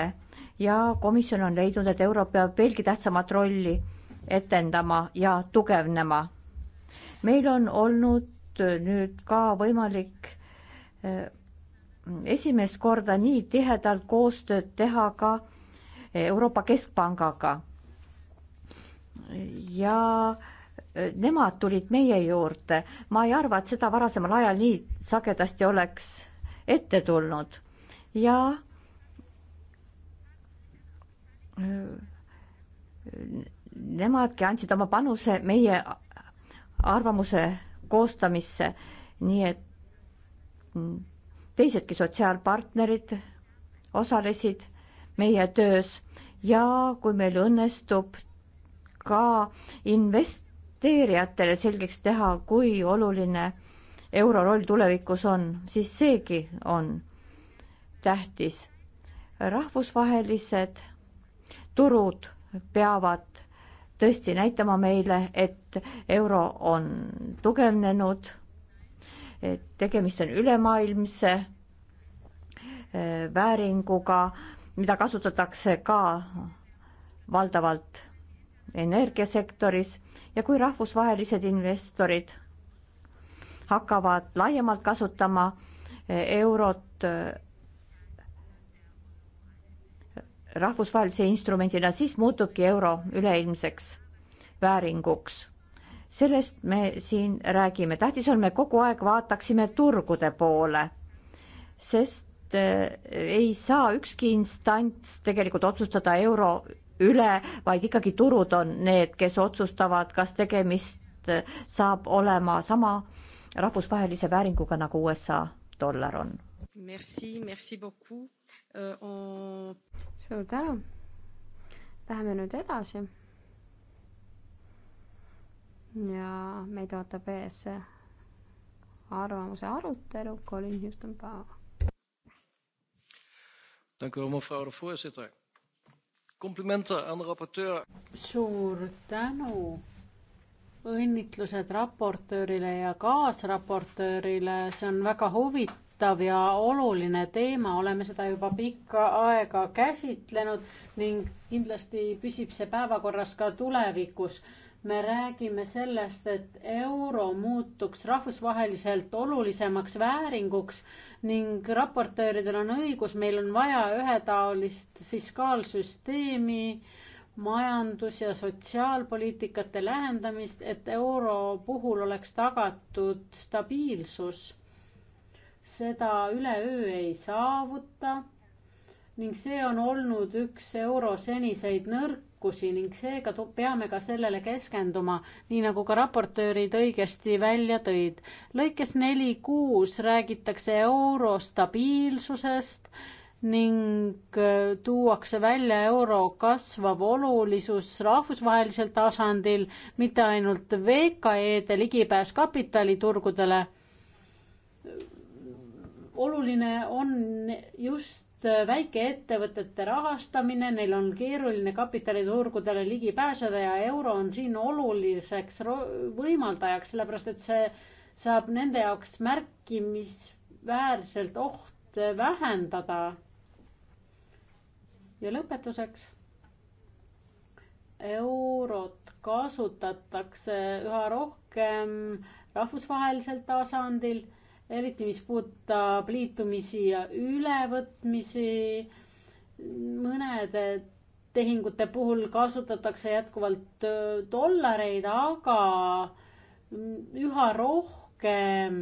ja komisjon on leidnud, et euro peab veelgi tähtsamat rolli etendama ja tugevnema. meil on olnud nüüd ka võimalik eh, esimest korda nii tihedalt koostööd teha ka Euroopa Keskpangaga ja äh, nemad tulid meie juurde, ma ei arva, et seda varasemal ajal nii sagedasti oleks ette tulnud ja äh, nemadki andsid oma panuse meie arvamuse koostamisse, nii et mm, teisedki sotsiaalpartnerid osalesid meie töös ja kui meil õnnestub ka invest-, investeerijatele selgeks teha, kui oluline euro roll tulevikus on, siis seegi on tähtis. rahvusvahelised turud peavad tõesti näitama meile, et euro on tugevnenud, et tegemist on ülemaailmse äh, vääringuga, mida kasutatakse ka valdavalt energiasektoris ja kui rahvusvahelised investorid hakkavad laiemalt kasutama eh, eurot eh, rahvusvahelise instrumendina, siis muutubki euro üleilmseks vääringuks. sellest me siin räägime, tähtis on, me kogu aeg vaataksime turgude poole, sest eh, ei saa ükski instants tegelikult otsustada euro üle, vaid ikkagi turud on need, kes otsustavad, kas tegemist äh, saab olema sama rahvusvahelise vääringuga nagu USA dollar on. Merci, merci beaucoup uh,. On... suur tänu. Läheme nüüd edasi. ja meid ootab ees arvamuse arutelu Colin Houston Paava. Dank u wel, mevrouw de voorzitter komplimente on raportöör. suur tänu. õnnitlused raportöörile ja kaasraportöörile, see on väga huvitav ja oluline teema, oleme seda juba pikka aega käsitlenud ning kindlasti püsib see päevakorras ka tulevikus me räägime sellest, et euro muutuks rahvusvaheliselt olulisemaks vääringuks ning raportööridel on õigus, meil on vaja ühetaolist fiskaalsüsteemi, majandus- ja sotsiaalpoliitikate lähendamist, et euro puhul oleks tagatud stabiilsus. seda üleöö ei saavuta ning see on olnud üks euro seniseid nõrk nõrkusi ning seega peame ka sellele keskenduma, nii nagu ka raportöörid õigesti välja tõid. lõikes neli kuus räägitakse euro stabiilsusest ning äh, tuuakse välja euro kasvav olulisus rahvusvahelisel tasandil, mitte ainult VKE-de ligipääs kapitaliturgudele. oluline on just Äh, väikeettevõtete rahastamine, neil on keeruline kapitaliturgudele ligi pääseda ja euro on siin oluliseks võimaldajaks, sellepärast et see saab nende jaoks märkimisväärselt ohte äh, vähendada. ja lõpetuseks. eurot kasutatakse üha rohkem rahvusvahelisel tasandil eriti mis puudutab liitumisi ja ülevõtmisi. mõnede tehingute puhul kasutatakse jätkuvalt äh, dollareid, aga üha rohkem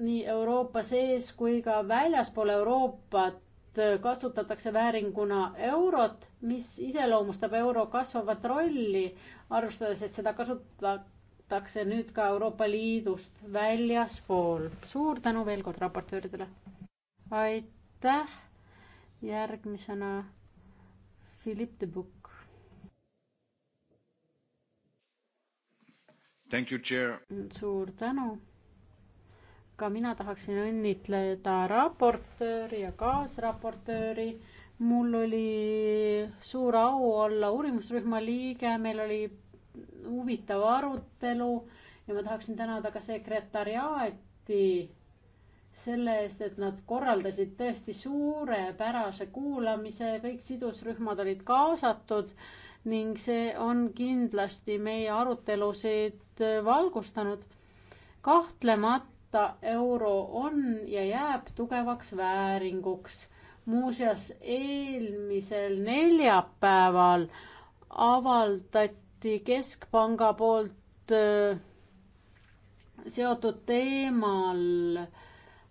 nii Euroopa sees kui ka väljaspool Euroopat äh, kasutatakse vääringuna eurot, mis iseloomustab euro kasvavat rolli, arvestades, et seda kasuta-, vaadatakse nüüd ka Euroopa Liidust väljaspool. suur tänu veel kord raportööridele. aitäh. järgmisena Philippe de Buc. suur tänu. ka mina tahaksin õnnitleda raportööri ja kaasraportööri mul oli suur au olla uurimusrühma liige, meil oli huvitav arutelu ja ma tahaksin tänada ka sekretariaati selle eest, et nad korraldasid tõesti suurepärase kuulamise, kõik sidusrühmad olid kaasatud ning see on kindlasti meie arutelusid valgustanud. kahtlemata euro on ja jääb tugevaks vääringuks. muuseas, eelmisel neljapäeval avaldati alati keskpanga poolt äh, seotud teemal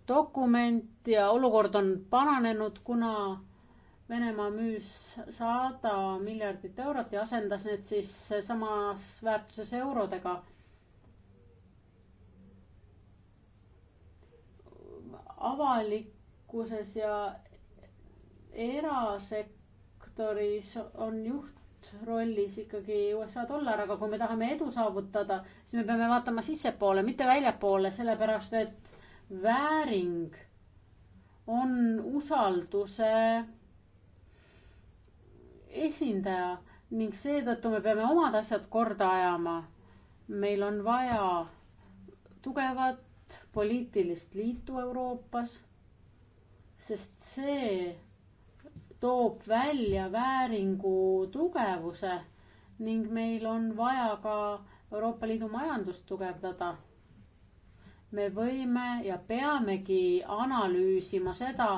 dokument ja olukord on paranenud, kuna Venemaa müüs sada miljardit eurot ja asendas need siis samas väärtuses eurodega. avalikkuses ja erasektoris on juht rollis ikkagi USA dollar, aga kui me tahame edu saavutada, siis me peame vaatama sissepoole, mitte väljapoole, sellepärast et vääring on usalduse esindaja ning seetõttu me peame omad asjad korda ajama. meil on vaja tugevat poliitilist liitu Euroopas, sest see toob välja vääringu tugevuse ning meil on vaja ka Euroopa Liidu majandust tugevdada. me võime ja peamegi analüüsima seda,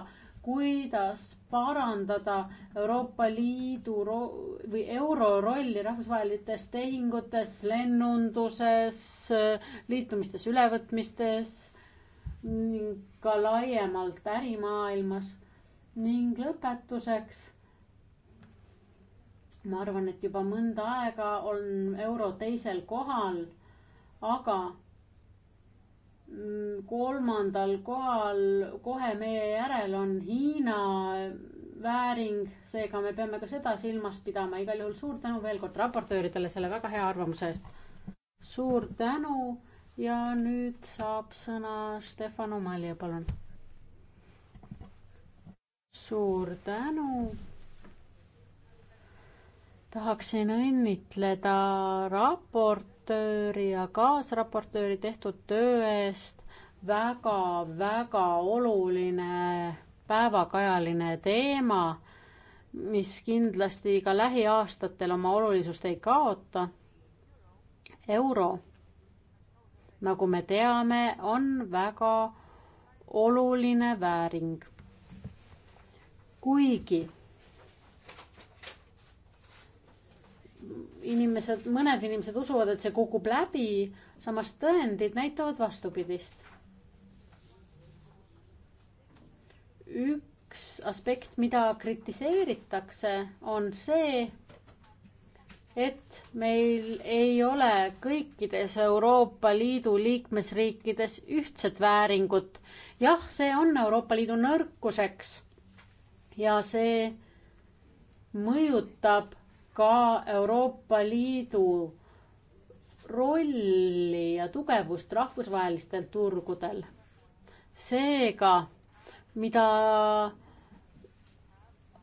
kuidas parandada Euroopa Liidu ro- või euro rolli rahvusvahelistes tehingutes, lennunduses, liitumistes, ülevõtmistes, ka laiemalt ärimaailmas ning lõpetuseks ma arvan, et juba mõnda aega on euro teisel kohal, aga mm, kolmandal kohal kohe meie järel on Hiina vääring, seega me peame ka seda silmas pidama. igal juhul suur tänu veel kord raportööridele selle väga hea arvamuse eest. suur tänu ja nüüd saab sõna Stefan Omalje, palun suur tänu. tahaksin õnnitleda raportööri ja kaasraportööri tehtud töö eest väga,. väga-väga oluline päevakajaline teema, mis kindlasti ka lähiaastatel oma olulisust ei kaota. euro, nagu me teame, on väga oluline vääring kuigi inimesed, mõned inimesed usuvad, et see kukub läbi, samas tõendid näitavad vastupidist. üks aspekt, mida kritiseeritakse, on see, et meil ei ole kõikides Euroopa Liidu liikmesriikides ühtset vääringut. jah, see on Euroopa Liidu nõrkuseks ja see mõjutab ka Euroopa Liidu rolli ja tugevust rahvusvahelistel turgudel. seega, mida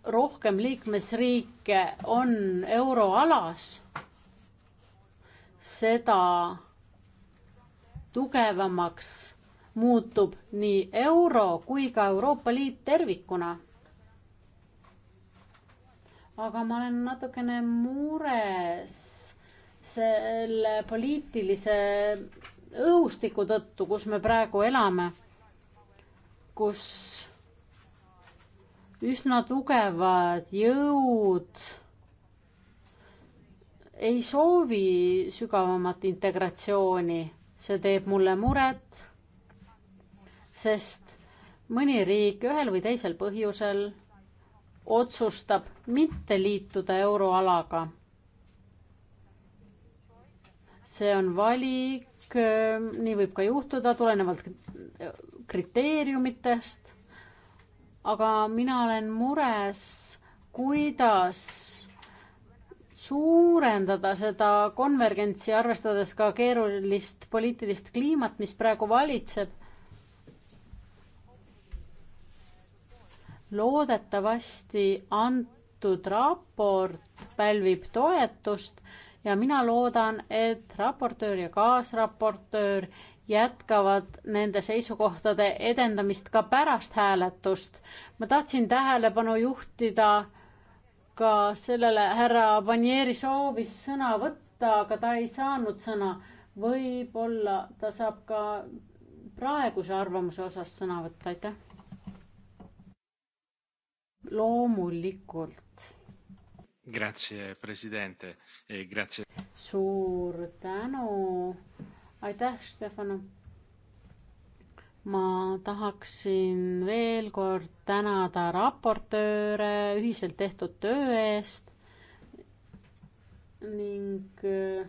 rohkem liikmesriike on euroalas, seda tugevamaks muutub nii euro kui ka Euroopa Liit tervikuna aga ma olen natukene mures selle poliitilise õhustiku tõttu, kus me praegu elame, kus üsna tugevad jõud ei soovi sügavamat integratsiooni, see teeb mulle muret, sest mõni riik ühel või teisel põhjusel otsustab mitte liituda euroalaga. see on valik, äh, nii võib ka juhtuda, tulenevalt kriteeriumitest. aga mina olen mures, kuidas suurendada seda konvergentsi, arvestades ka keerulist poliitilist kliimat, mis praegu valitseb loodetavasti antud raport pälvib toetust ja mina loodan, et raportöör ja kaasraportöör jätkavad nende seisukohtade edendamist ka pärast hääletust. ma tahtsin tähelepanu juhtida ka sellele, härra Banieri soovis sõna võtta, aga ta ei saanud sõna. võib-olla ta saab ka praeguse arvamuse osas sõna võtta, aitäh loomulikult. Grazie, president eh,, grazie. suur tänu, aitäh, Stefano. ma tahaksin veel kord tänada raportööre ühiselt tehtud töö eest ning äh,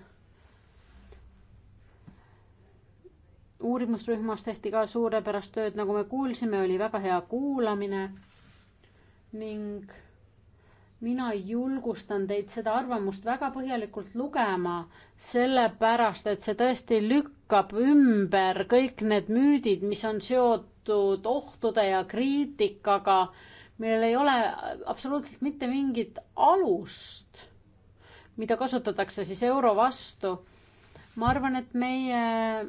uurimusrühmas tehti ka suurepärast tööd, nagu me kuulsime, oli väga hea kuulamine ning mina julgustan teid seda arvamust väga põhjalikult lugema, sellepärast et see tõesti lükkab ümber kõik need müüdid, mis on seotud ohtude ja kriitikaga, millel ei ole absoluutselt mitte mingit alust, mida kasutatakse siis euro vastu. ma arvan, et meie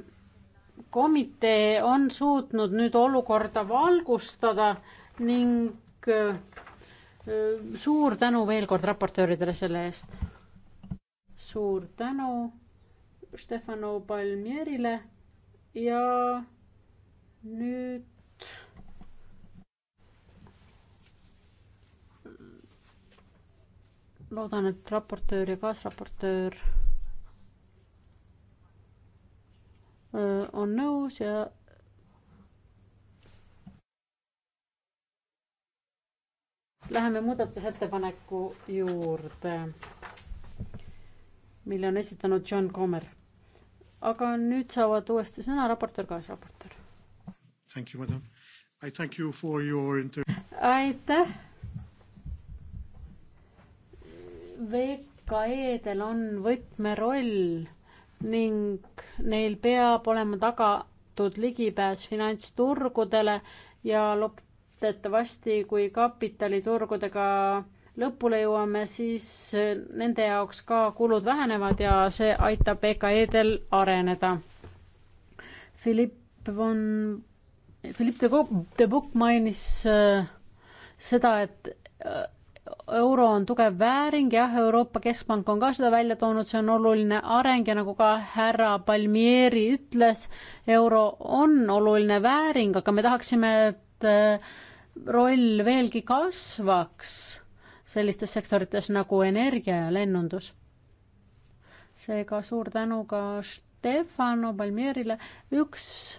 komitee on suutnud nüüd olukorda valgustada ning suur tänu veel kord raportööridele selle eest. suur tänu Stefano Palmierile ja nüüd loodan, et raportöör ja kaasraportöör äh, on nõus ja Läheme muudatusettepaneku juurde, mille on esitanud John Comer. aga nüüd saavad uuesti sõna raportöör, kaasraportöör. aitäh. VKE-del on võtmeroll ning neil peab olema tagatud ligipääs finantsturgudele ja loob loodetavasti, kui kapitaliturgudega lõpule jõuame, siis nende jaoks ka kulud vähenevad ja see aitab EKE-del areneda. Philipp von, Philipp de Coq mainis äh, seda, et äh, euro on tugev vääring, jah, Euroopa Keskpank on ka seda välja toonud, see on oluline areng ja nagu ka härra Palmieri ütles, euro on oluline vääring, aga me tahaksime, et äh, roll veelgi kasvaks sellistes sektorites nagu energia ja lennundus. seega suur tänu ka Stefano Palmierile. üks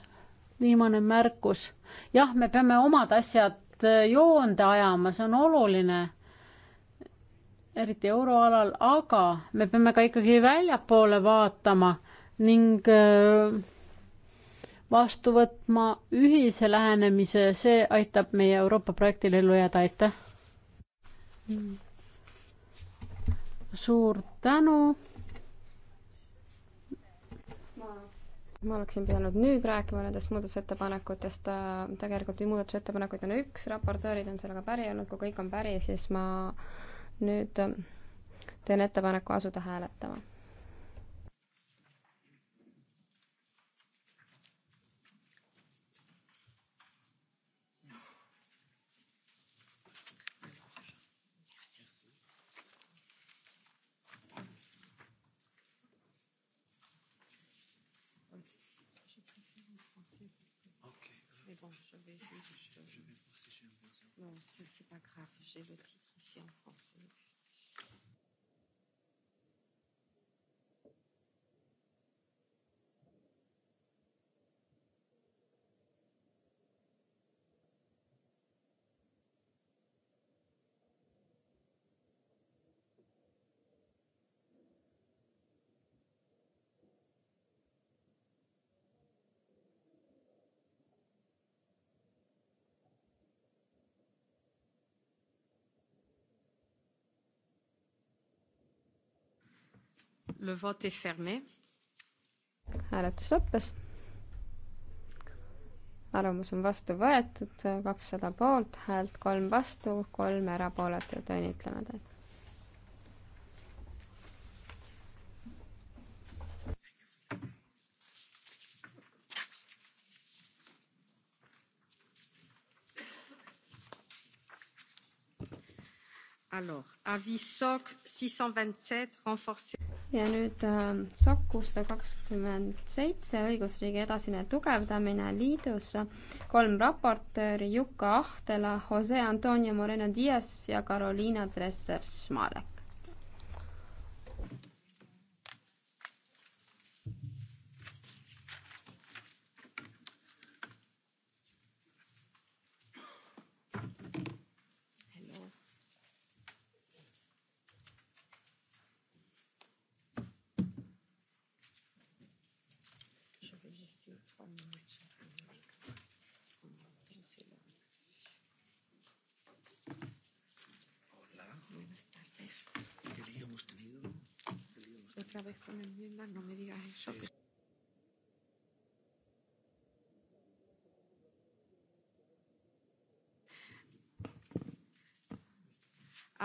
viimane märkus. jah, me peame omad asjad eh, joonde ajama, see on oluline, eriti euroalal, aga me peame ka ikkagi väljapoole vaatama ning eh, vastu võtma ühise lähenemise, see aitab meie Euroopa projektil ellu jääda, aitäh! suur tänu! ma oleksin pidanud nüüd rääkima nendest muudatusettepanekutest, tegelikult ju muudatusettepanekuid on üks, raportöörid on sellega päri olnud, kui kõik on päri, siis ma nüüd teen ettepaneku asuda hääletama Non, ça c'est pas grave, j'ai le titre ici en français. hääletus lõppes. arvamus on vastu võetud, kakssada poolt häält, kolm vastu, kolm erapooletut, õnnitleme teid. Alors, avis SOC 627 renforcé ja nüüd ähm, Sokku sada kakskümmend seitse, õigusriigi edasine tugevdamine liidus, kolm raportööri, Juka Ahtela, Jose Antonio Moreno Dias ja Carolina Dresser-Schmalek.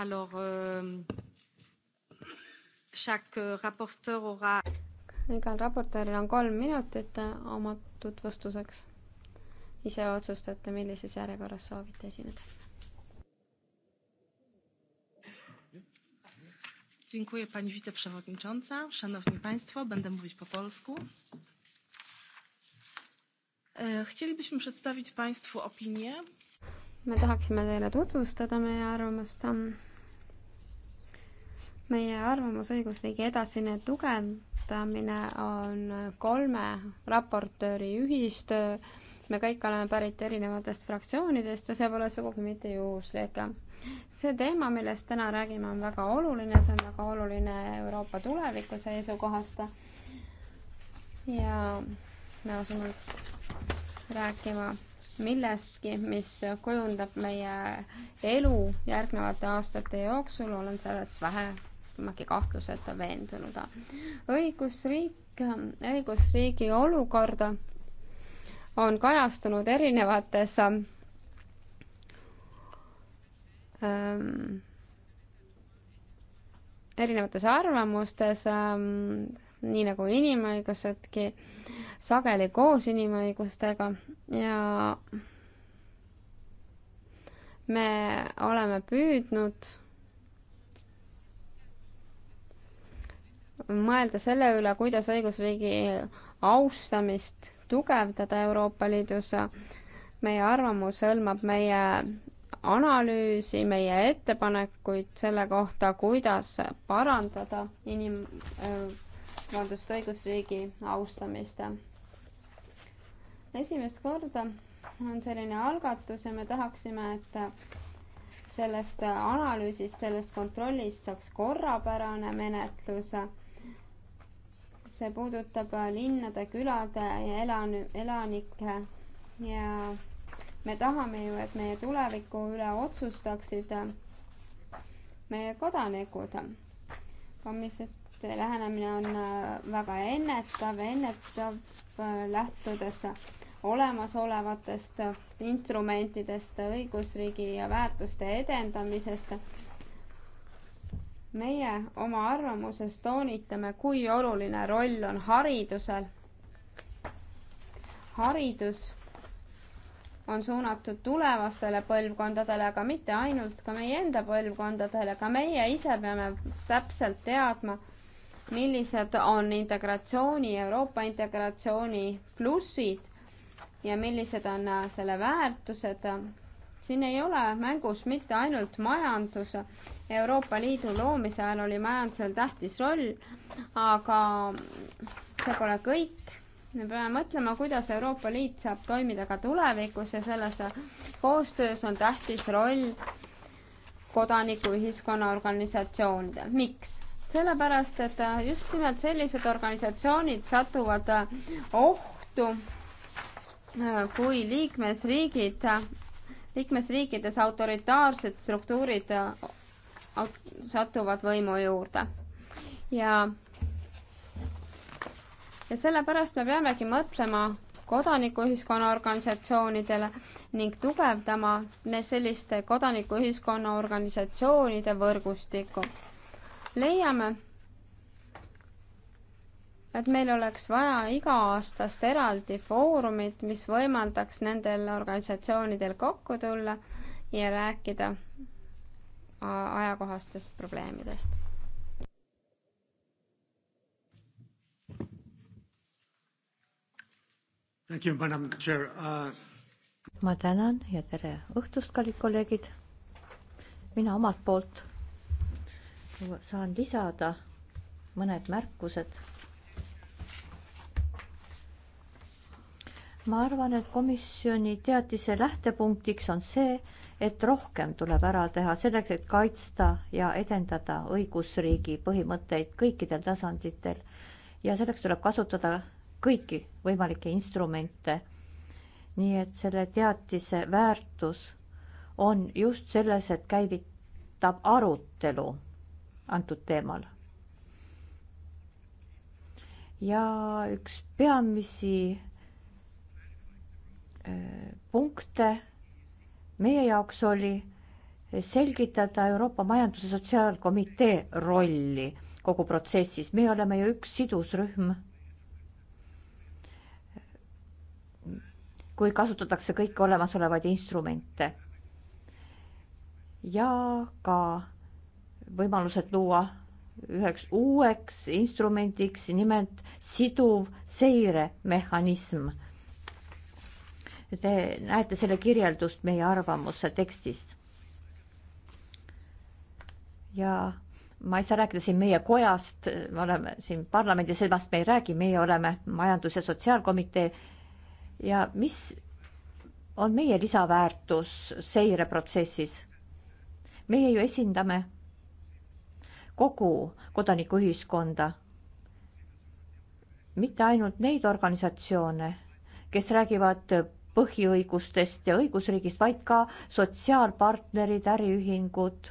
Alors, euh, chaque euh, rapporteur aura... igal raportööril on kolm minutit äh, oma tutvustuseks. ise otsustate, millises järjekorras soovite esineda. Dziękuję Pani Wiceprzewodnicząca. Szanowni Państwo, będę mówić po polsku. E, chcielibyśmy przedstawić Państwu opinię. Me tahaksime teile tutvustada meie arvamust meie arvamus õigusriigi edasine tugevdamine on kolme raportööri ühistöö. me kõik oleme pärit erinevatest fraktsioonidest ja see pole sugugi mitte juhuslik. see teema, millest täna räägime, on väga oluline, see on väga oluline Euroopa tuleviku seisukohast. ja me asume rääkima millestki, mis kujundab meie elu järgnevate aastate jooksul, olen selles vähe vähimatki kahtluseta veendunud. õigusriik, õigusriigi olukorda on kajastunud erinevates ähm, erinevates arvamustes ähm,, nii nagu inimõigusedki, sageli koos inimõigustega ja me oleme püüdnud mõelda selle üle, kuidas õigusriigi austamist tugevdada Euroopa Liidus. meie arvamus hõlmab meie analüüsi, meie ettepanekuid selle kohta, kuidas parandada inim-, äh, vabandust, õigusriigi austamist. esimest korda on selline algatus ja me tahaksime, et sellest analüüsist, sellest kontrollist saaks korrapärane menetlus see puudutab äh, linnade, külade ja elan-, elanikke ja me tahame ju, et meie tuleviku üle otsustaksid äh, meie kodanikud. komisjonide lähenemine on äh, väga ennetav, ennetav lähtudes olemasolevatest instrumentidest, õigusriigi ja väärtuste edendamisest meie oma arvamuses toonitame, kui oluline roll on haridusel. haridus on suunatud tulevastele põlvkondadele, aga mitte ainult, ka meie enda põlvkondadele, ka meie ise peame täpselt teadma, millised on integratsiooni, Euroopa integratsiooni plussid ja millised on äh, selle väärtused siin ei ole mängus mitte ainult majandus, Euroopa Liidu loomise ajal oli majandusel tähtis roll, aga see pole kõik. me peame mõtlema, kuidas Euroopa Liit saab toimida ka tulevikus ja selles koostöös on tähtis roll kodanikuühiskonna organisatsioonidel. miks? sellepärast, et just nimelt sellised organisatsioonid satuvad ohtu, kui liikmesriigid liikmesriikides autoritaarsed struktuurid äh, satuvad võimu juurde. ja, ja sellepärast me peamegi mõtlema kodanikuühiskonna organisatsioonidele ning tugevdama selliste kodanikuühiskonna organisatsioonide võrgustikku. leiame, et meil oleks vaja iga-aastast eraldi foorumit, mis võimaldaks nendel organisatsioonidel kokku tulla ja rääkida ajakohastest probleemidest. Uh, ma tänan ja tere õhtust, kallid kolleegid. mina omalt poolt saan lisada mõned märkused ma arvan, et komisjoni teatise lähtepunktiks on see, et rohkem tuleb ära teha selleks, et kaitsta ja edendada õigusriigi põhimõtteid kõikidel tasanditel. ja selleks tuleb kasutada kõiki võimalikke instrumente. nii et selle teatise väärtus on just selles, et käivitab arutelu antud teemal. ja üks peamisi punkte meie jaoks oli selgitada Euroopa Majandus- ja Sotsiaalkomitee rolli kogu protsessis, me oleme ju üks sidusrühm. kui kasutatakse kõiki olemasolevaid instrumente ja ka võimalused luua üheks uueks instrumendiks nimelt siduv seiremehhanism Te näete selle kirjeldust meie arvamusse tekstist. ja ma ei saa rääkida siin meie kojast, me oleme siin parlamendis, sellest me ei räägi, meie oleme Majandus- ja Sotsiaalkomitee ja mis on meie lisaväärtus seireprotsessis? meie ju esindame kogu kodanikuühiskonda, mitte ainult neid organisatsioone, kes räägivad põhiõigustest ja õigusriigist, vaid ka sotsiaalpartnerid, äriühingud,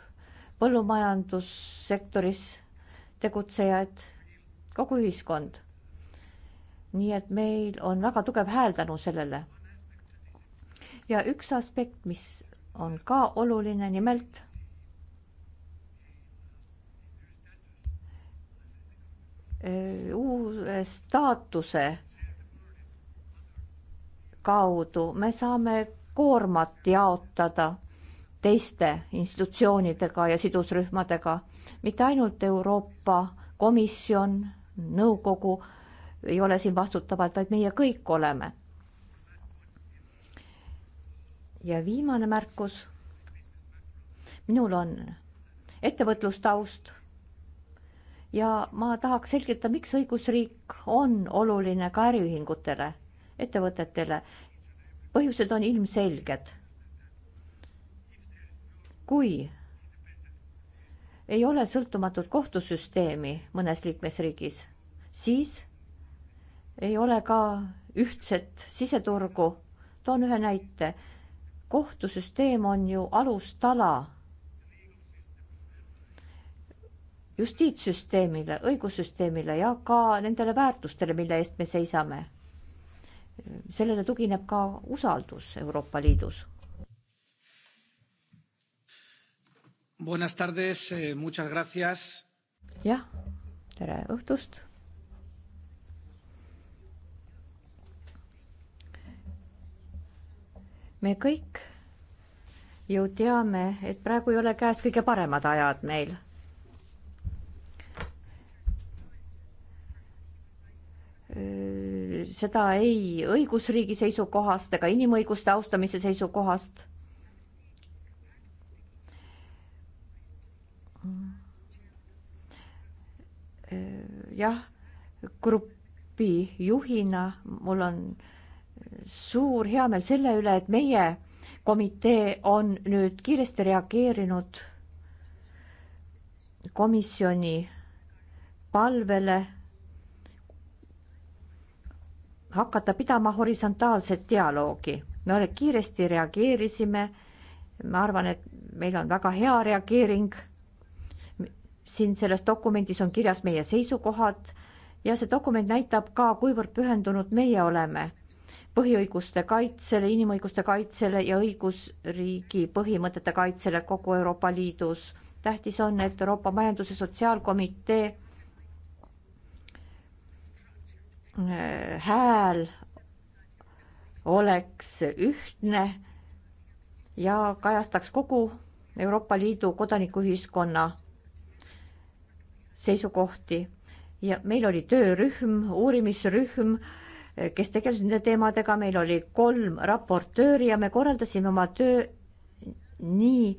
põllumajandussektoris tegutsejad, kogu ühiskond. nii et meil on väga tugev hääl tänu sellele. ja üks aspekt, mis on ka oluline, nimelt äh, uue staatuse kaudu me saame koormat jaotada teiste institutsioonidega ja sidusrühmadega, mitte ainult Euroopa Komisjon, nõukogu ei ole siin vastutavad, vaid meie kõik oleme. ja viimane märkus. minul on ettevõtlustaust ja ma tahaks selgitada, miks õigusriik on oluline ka äriühingutele ettevõtetele. põhjused on ilmselged. kui ei ole sõltumatut kohtusüsteemi mõnes liikmesriigis, siis ei ole ka ühtset siseturgu. toon ühe näite. kohtusüsteem on ju alustala justiitssüsteemile, õigussüsteemile ja ka nendele väärtustele, mille eest me seisame sellele tugineb ka usaldus Euroopa Liidus. Eh, jah, tere õhtust. me kõik ju teame, et praegu ei ole käes kõige paremad ajad meil äh, seda ei õigusriigi seisukohast ega inimõiguste austamise seisukohast. jah, grupi juhina mul on suur heameel selle üle, et meie komitee on nüüd kiiresti reageerinud komisjoni palvele hakata pidama horisontaalset dialoogi. me kiiresti reageerisime. ma arvan, et meil on väga hea reageering. siin selles dokumendis on kirjas meie seisukohad ja see dokument näitab ka, kuivõrd pühendunud meie oleme põhiõiguste kaitsele, inimõiguste kaitsele ja õigusriigi põhimõtete kaitsele kogu Euroopa Liidus. tähtis on, et Euroopa Majandus- ja Sotsiaalkomitee Äh, hääl oleks ühtne ja kajastaks kogu Euroopa Liidu kodanikuühiskonna seisukohti ja meil oli töörühm, uurimisrühm, äh, kes tegeles nende teemadega, meil oli kolm raportööri ja me korraldasime oma töö nii,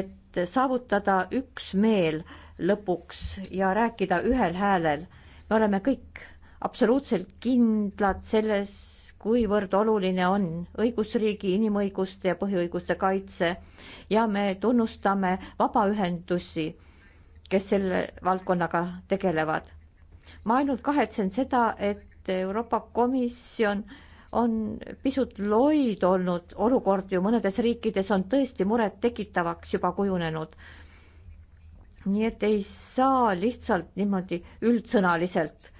et saavutada üksmeel lõpuks ja rääkida ühel häälel. me oleme kõik absoluutselt kindlad selles, kuivõrd oluline on õigusriigi, inimõiguste ja põhiõiguste kaitse ja me tunnustame vabaühendusi, kes selle valdkonnaga tegelevad. ma ainult kahetsen seda, et Euroopa Komisjon on pisut loid olnud, olukord ju mõnedes riikides on tõesti murettekitavaks juba kujunenud. nii et ei saa lihtsalt niimoodi üldsõnaliselt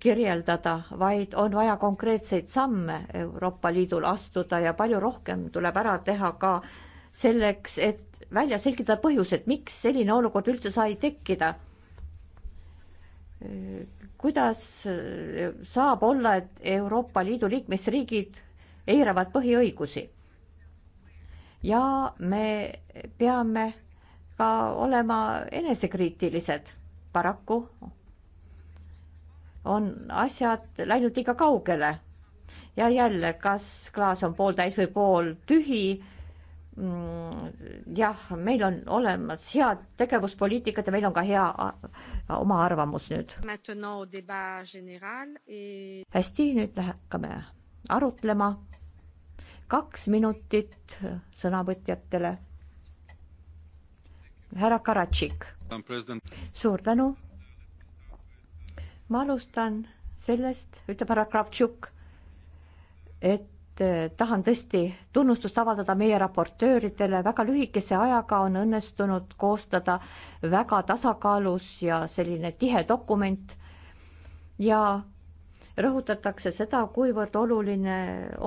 kirjeldada, vaid on vaja konkreetseid samme Euroopa Liidul astuda ja palju rohkem tuleb ära teha ka selleks, et välja selgitada põhjused, miks selline olukord üldse sai tekkida. kuidas saab olla, et Euroopa Liidu liikmesriigid eiravad põhiõigusi? ja me peame ka olema enesekriitilised paraku on asjad läinud liiga kaugele. ja jälle, kas klaas on pooltäis või pooltühi mm, jah, meil on olemas head tegevuspoliitikat ja meil on ka hea oma arvamus nüüd. hästi, nüüd hakkame arutlema. kaks minutit sõnavõtjatele. härra Karatšik. suur tänu ma alustan sellest, ütleb härra Kravtšuk, et äh, tahan tõesti tunnustust avaldada meie raportööridele, väga lühikese ajaga on õnnestunud koostada väga tasakaalus ja selline tihe dokument ja rõhutatakse seda, kuivõrd oluline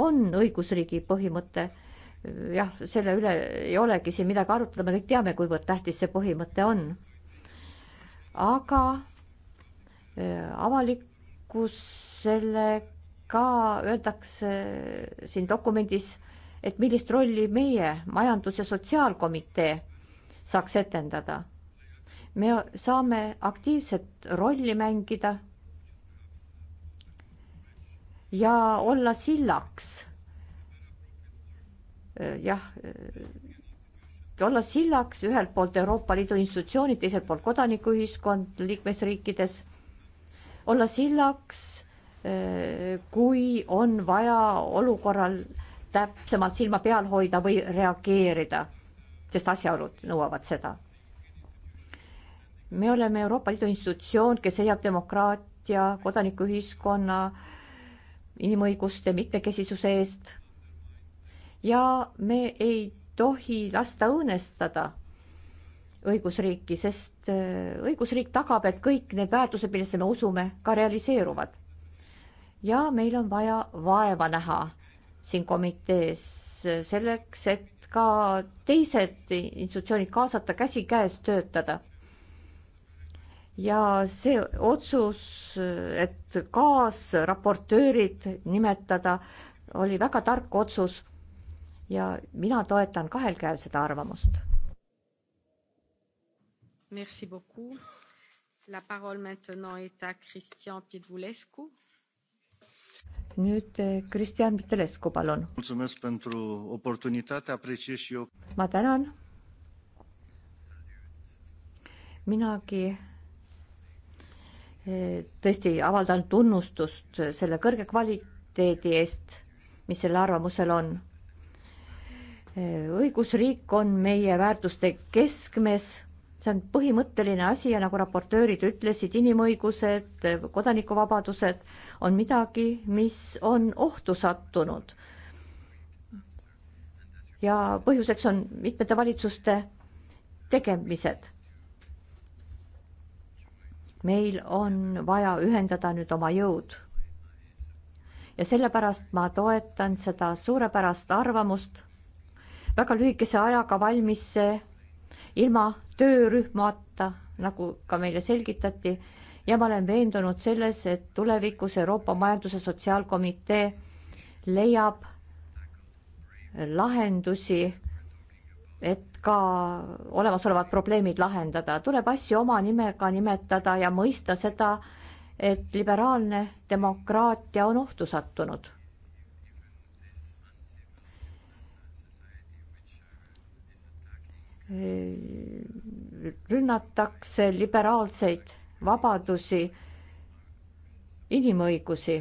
on õigusriigi põhimõte. jah, selle üle ei olegi siin midagi arutada, me kõik teame, kuivõrd tähtis see põhimõte on. aga avalikkusele ka öeldakse siin dokumendis, et millist rolli meie majandus- ja sotsiaalkomitee saaks etendada. me saame aktiivset rolli mängida ja olla sillaks. jah, olla sillaks ühelt poolt Euroopa Liidu institutsioonid, teiselt poolt kodanikuühiskond liikmesriikides olla sillaks, kui on vaja olukorral täpsemalt silma peal hoida või reageerida, sest asjaolud nõuavad seda. me oleme Euroopa Liidu institutsioon, kes seisab demokraatia, kodanikuühiskonna, inimõiguste mitmekesisuse eest. ja me ei tohi lasta õõnestada õigusriiki, sest äh, õigusriik tagab, et kõik need väärtused, millesse me usume, ka realiseeruvad. ja meil on vaja vaeva näha siin komitees selleks, et ka teised institutsioonid kaasata, käsikäes töötada. ja see otsus, et kaasraportöörid nimetada, oli väga tark otsus ja mina toetan kahel käel seda arvamust Merci beaucoup. La parole maintenant est à Christian Pidvulescu. Nüüd Kristjan eh, Pitelescu, palun. Mulțumesc pentru oportunitate, apreciez și eu. Ma tänan. Minagi eh, tõesti avaldan tunnustust selle kõrge kvaliteedi eest, mis sellel arvamusel on. Eh, õigusriik on meie väärtuste keskmes see on põhimõtteline asi ja nagu raportöörid ütlesid, inimõigused, kodanikuvabadused on midagi, mis on ohtu sattunud. ja põhjuseks on mitmete valitsuste tegemised. meil on vaja ühendada nüüd oma jõud. ja sellepärast ma toetan seda suurepärast arvamust. väga lühikese ajaga valmis see ilma töörühmata, nagu ka meile selgitati ja ma olen veendunud selles, et tulevikus Euroopa Majanduse Sotsiaalkomitee leiab lahendusi, et ka olemasolevad probleemid lahendada, tuleb asju oma nimega nimetada ja mõista seda, et liberaalne demokraatia on ohtu sattunud Äh, rünnatakse liberaalseid vabadusi, inimõigusi.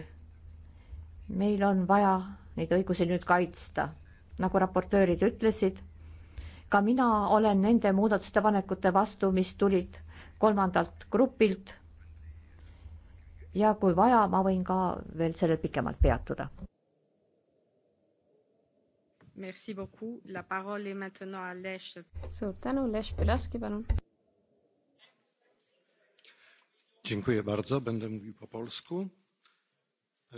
meil on vaja neid õigusi nüüd kaitsta, nagu raportöörid ütlesid. ka mina olen nende muudatusettepanekute vastu, mis tulid kolmandalt grupilt. ja kui vaja, ma võin ka veel sellel pikemalt peatuda. Merci beaucoup. La parole est maintenant à Lech. Suur tänu, Lech Belaski, palun. Dziękuję bardzo. Będę mówił po polsku. E,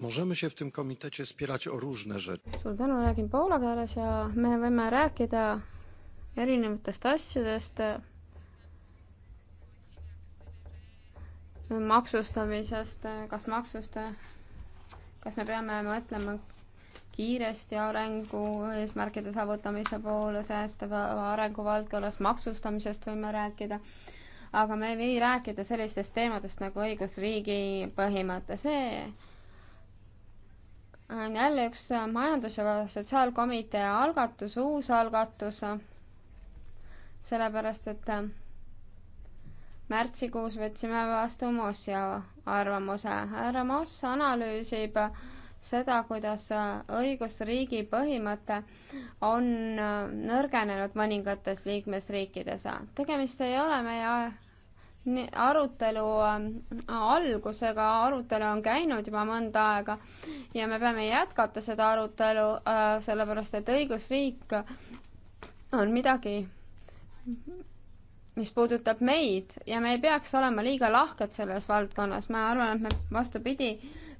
możemy się w tym komitecie spierać o różne rzeczy. Suur tänu, räägin poola keeles ja me võime rääkida erinevatest asjadest. maksustamisest, kas maksuste, kas me peame mõtlema kiiresti arengu eesmärkide saavutamise poole, säästva arengu valdkonnas maksustamisest võime rääkida, aga me ei või rääkida sellistest teemadest nagu õigusriigi põhimõte, see on jälle üks majandus- ja sotsiaalkomitee algatus, uus algatus, sellepärast et märtsikuus võtsime vastu Mossi arvamuse. härra Moss analüüsib äh, seda, kuidas äh, õigusriigi põhimõte on äh, nõrgenenud mõningates liikmesriikides. tegemist ei ole meie äh, arutelu algusega, arutelu on käinud juba mõnda aega ja me peame jätkata seda arutelu, sellepärast et õigusriik on midagi, mis puudutab meid ja me ei peaks olema liiga lahked selles valdkonnas, ma arvan, et me vastupidi,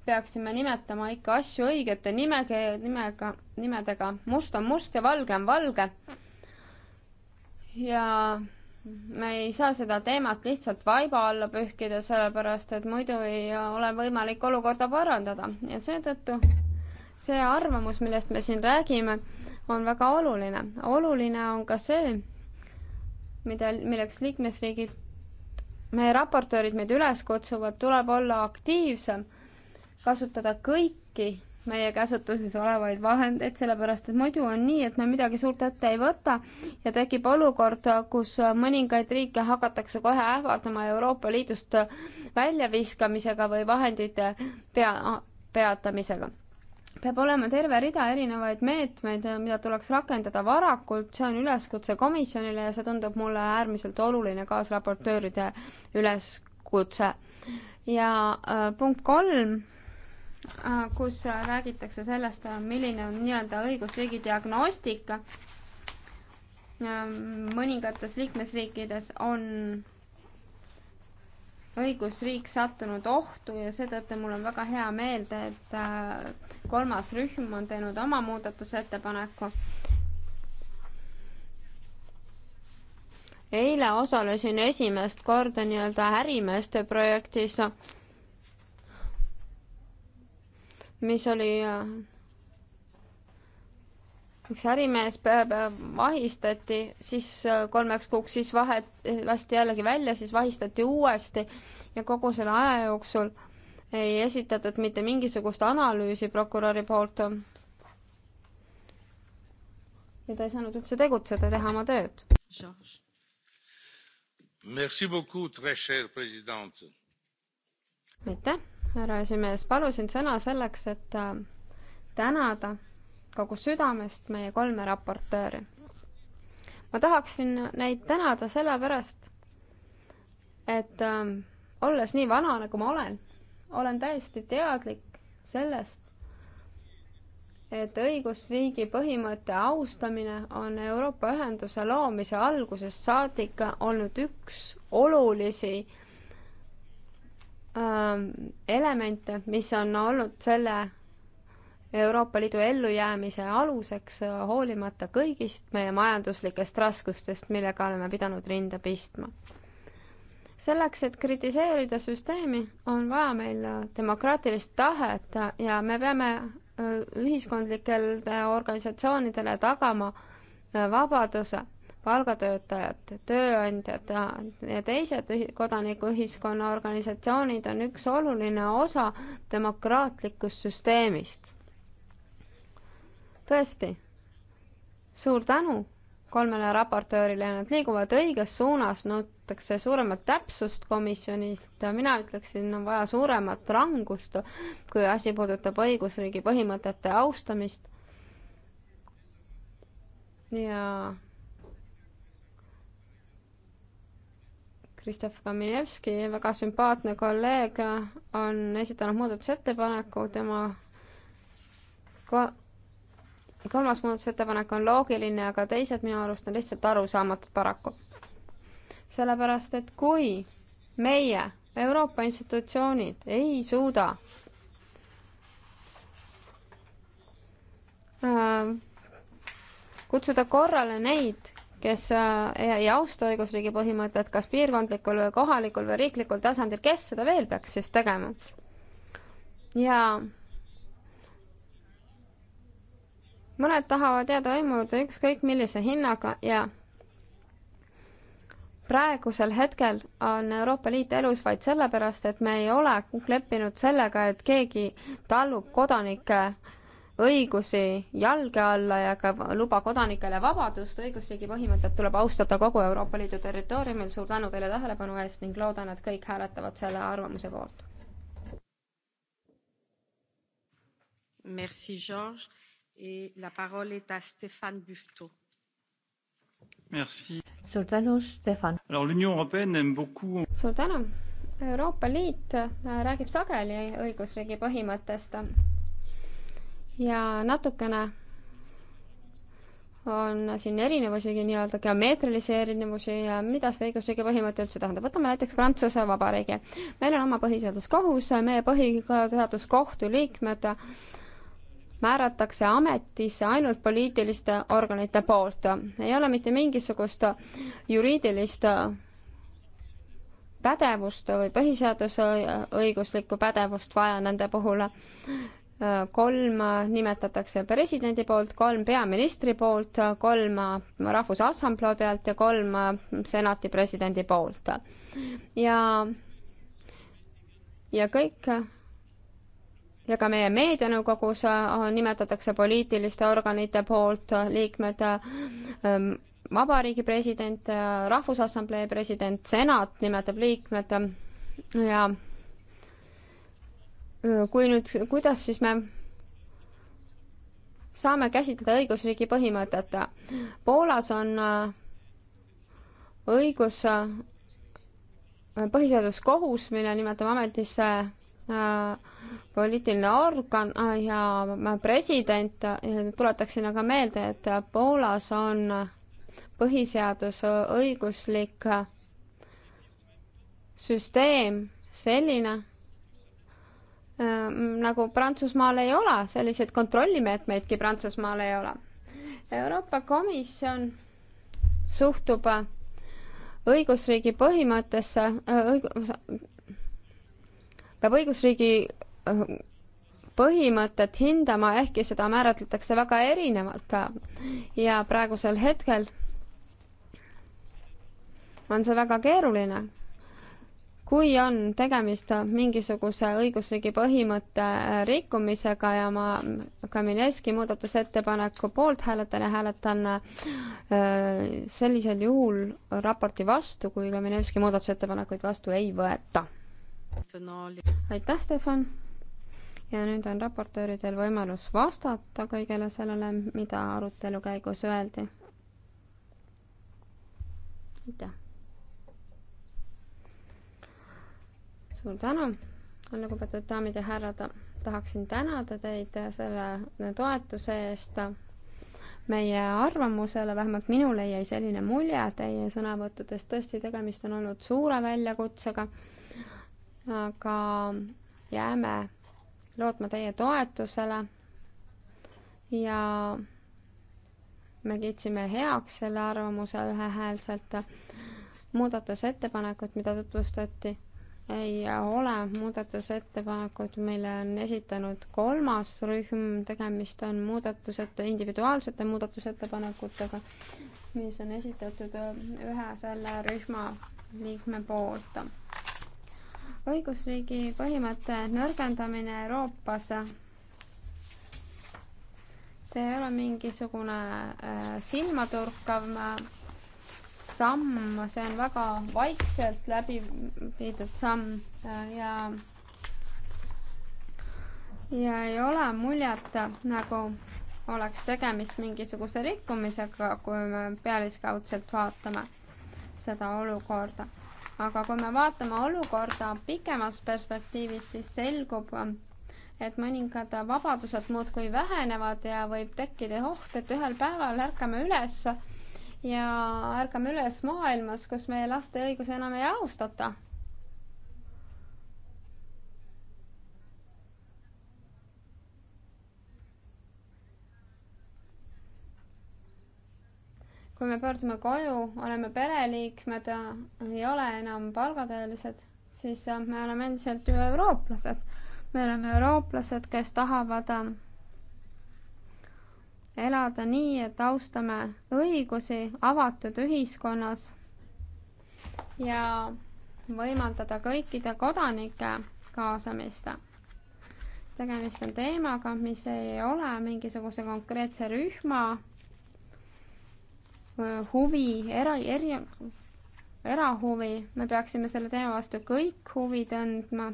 peaksime nimetama ikka asju õigete nimege, nimega, nimedega. must on must ja valge on valge. ja me ei saa seda teemat lihtsalt vaiba alla pühkida, sellepärast et muidu ei ole võimalik olukorda parandada ja seetõttu see arvamus, millest me siin räägime, on väga oluline. oluline on ka see, mida, milleks liikmesriigid, meie raportöörid meid üles kutsuvad, tuleb olla aktiivsem kasutada kõiki meie käsutuses olevaid vahendeid, sellepärast et muidu on nii, et me midagi suurt ette ei võta ja tekib olukord, kus mõningaid riike hakatakse kohe ähvardama Euroopa Liidust väljaviskamisega või vahendite pea, peatamisega. peab olema terve rida erinevaid meetmeid, mida tuleks rakendada varakult, see on üleskutse komisjonile ja see tundub mulle äärmiselt oluline kaasraportööride üleskutse. ja äh, punkt kolm Äh, kus äh, räägitakse sellest, äh, milline on nii-öelda õigusriigi diagnostika. mõningates liikmesriikides on õigusriik sattunud ohtu ja seetõttu mul on väga hea meelde, et kolmas rühm on teinud oma muudatusettepaneku. eile osalesin esimest korda nii-öelda ärimeeste projektis mis oli äh, üks ärimees vahistati, siis äh, kolmeks kuuks, siis vahet, lasti jällegi välja, siis vahistati uuesti ja kogu selle aja jooksul ei esitatud mitte mingisugust analüüsi prokuröri poolt. ja ta ei saanud üldse tegutseda, teha oma tööd. aitäh härra esimees, palusin sõna selleks, et äh, tänada kogu südamest meie kolme raportööri. ma tahaksin neid tänada sellepärast, et äh, olles nii vana, nagu ma olen, olen täiesti teadlik sellest, et õigusriigi põhimõtte austamine on Euroopa Ühenduse loomise algusest saadik olnud üks olulisi äh, Ähm, elemente, mis on olnud selle Euroopa Liidu ellujäämise aluseks, äh, hoolimata kõigist meie majanduslikest raskustest, millega oleme pidanud rinda pistma. selleks, et kritiseerida süsteemi, on vaja meil äh, demokraatilist tahet ja me peame äh, ühiskondlikele organisatsioonidele tagama vabaduse palgatöötajad, tööandjad ja teised kodanikuühiskonna organisatsioonid on üks oluline osa demokraatlikust süsteemist. tõesti, suur tänu kolmele raportöörile, nad liiguvad õiges suunas, nõutakse suuremat täpsust komisjonilt, mina ütleksin, on vaja suuremat rangust, kui asi puudutab õigusriigi põhimõtete austamist. ja Kristof Kaminevski, väga sümpaatne kolleeg, on esitanud muudatusettepaneku, tema ko-, kolmas muudatusettepanek on loogiline, aga teised minu arust on lihtsalt arusaamatud paraku. sellepärast, et kui meie, Euroopa institutsioonid, ei suuda äh, kutsuda korrale neid, kes ei äh, austa õigusriigi põhimõtet, kas piirkondlikul või kohalikul või riiklikul tasandil, kes seda veel peaks siis tegema? ja mõned tahavad jääda võimu juurde ükskõik millise hinnaga ja praegusel hetkel on Euroopa Liit elus vaid sellepärast, et me ei ole leppinud sellega, et keegi tallub kodanike õigusi jalge alla ja ka luba kodanikele vabadust, õigusriigi põhimõtet tuleb austada kogu Euroopa Liidu territooriumil, suur tänu teile tähelepanu eest ning loodan, et kõik hääletavad selle arvamuse poolt. Merci, Georges. Et la parole est à Stéphane Buffetot. Merci. suur tänu, Stefan. suur tänu. Euroopa Liit äh, räägib sageli õigusriigi põhimõttest ja natukene on siin erinevusigi nii-öelda geomeetrilisi erinevusi ja mida see õigusriigi põhimõte üldse tähendab. võtame näiteks Prantsuse Vabariigi. meil on oma põhiseaduskohus, meie põhiseaduskohtu liikmed määratakse ametisse ainult poliitiliste organite poolt. ei ole mitte mingisugust juriidilist pädevust või põhiseadusõiguslikku pädevust vaja nende puhul kolm nimetatakse presidendi poolt, kolm peaministri poolt, kolm Rahvusassamblee pealt ja kolm senati presidendi poolt. ja, ja kõik ja ka meie meedianõukogus nimetatakse poliitiliste organite poolt liikmed ähm, vabariigi president, Rahvusassamblee president, senat nimetab liikmed ja kui nüüd, kuidas siis me saame käsitleda õigusriigi põhimõtet? Poolas on äh, õigus, äh, põhiseaduskohus, mille nimetame ametisse äh, poliitiline organ ja president, tuletaksin aga meelde, et Poolas on põhiseadus õiguslik süsteem selline Ehm, nagu Prantsusmaal ei ole, selliseid kontrollimeetmeidki Prantsusmaal ei ole. Euroopa Komisjon suhtub äh, õigusriigi põhimõttesse äh, õigus,, peab õigusriigi äh, põhimõtet hindama, ehkki seda määratletakse väga erinevalt ja praegusel hetkel on see väga keeruline kui on tegemist mingisuguse õigusriigi põhimõtte äh, rikkumisega ja ma Kamineski muudatusettepaneku poolt hääletan ja hääletan äh, sellisel juhul raporti vastu, kui Kamineski muudatusettepanekuid vastu ei võeta. aitäh, Stefan! ja nüüd on raportööridel võimalus vastata kõigele sellele, mida arutelu käigus öeldi. aitäh! suur tänu, lugupeetud daamid ja härrad, tahaksin tänada teid selle toetuse eest meie arvamusele, vähemalt minule jäi selline mulje teie sõnavõttudest, tõesti, tegemist on olnud suure väljakutsega, aga jääme lootma teie toetusele ja me kiitsime heaks selle arvamuse ühehäälselt. muudatusettepanekud, mida tutvustati ei ole muudatusettepanekuid, mille on esitanud kolmas rühm, tegemist on muudatusete, individuaalsete muudatusettepanekutega, mis on esitatud äh, ühe selle rühma liikme poolt. õigusriigi põhimõtte nõrgendamine Euroopas, see ei ole mingisugune äh, silmatorkav äh, samm, see on väga vaikselt läbi viidud samm ja ja ei ole muljet, nagu oleks tegemist mingisuguse rikkumisega, kui me pealiskaudselt vaatame seda olukorda. aga kui me vaatame olukorda pikemas perspektiivis, siis selgub, et mõningad vabadused muudkui vähenevad ja võib tekkida oht, et ühel päeval ärkame üles ja ärkame üles maailmas, kus meie laste õigusi enam ei austata. kui me pöördume koju, oleme pereliikmed, ei ole enam palgatöölised, siis me oleme endiselt ju eurooplased. me oleme eurooplased, kes tahavad ähm, elada nii, et austame õigusi avatud ühiskonnas ja võimaldada kõikide kodanike kaasamist. tegemist on teemaga, mis ei ole mingisuguse konkreetse rühma huvi, era, eri, erahuvi, me peaksime selle teema vastu kõik huvi tundma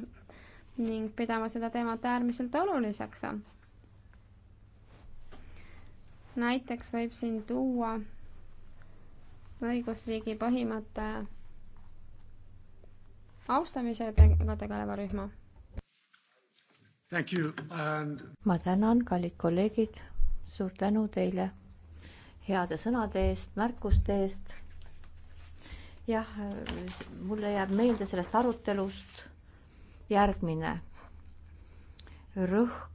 ning pidama seda teemat äärmiselt oluliseks näiteks võib siin tuua õigusriigi põhimõtte austamisega tegeleva rühma. And... ma tänan, kallid kolleegid, suur tänu teile heade sõnade eest, märkuste eest. jah, mulle jääb meelde sellest arutelust järgmine rõhk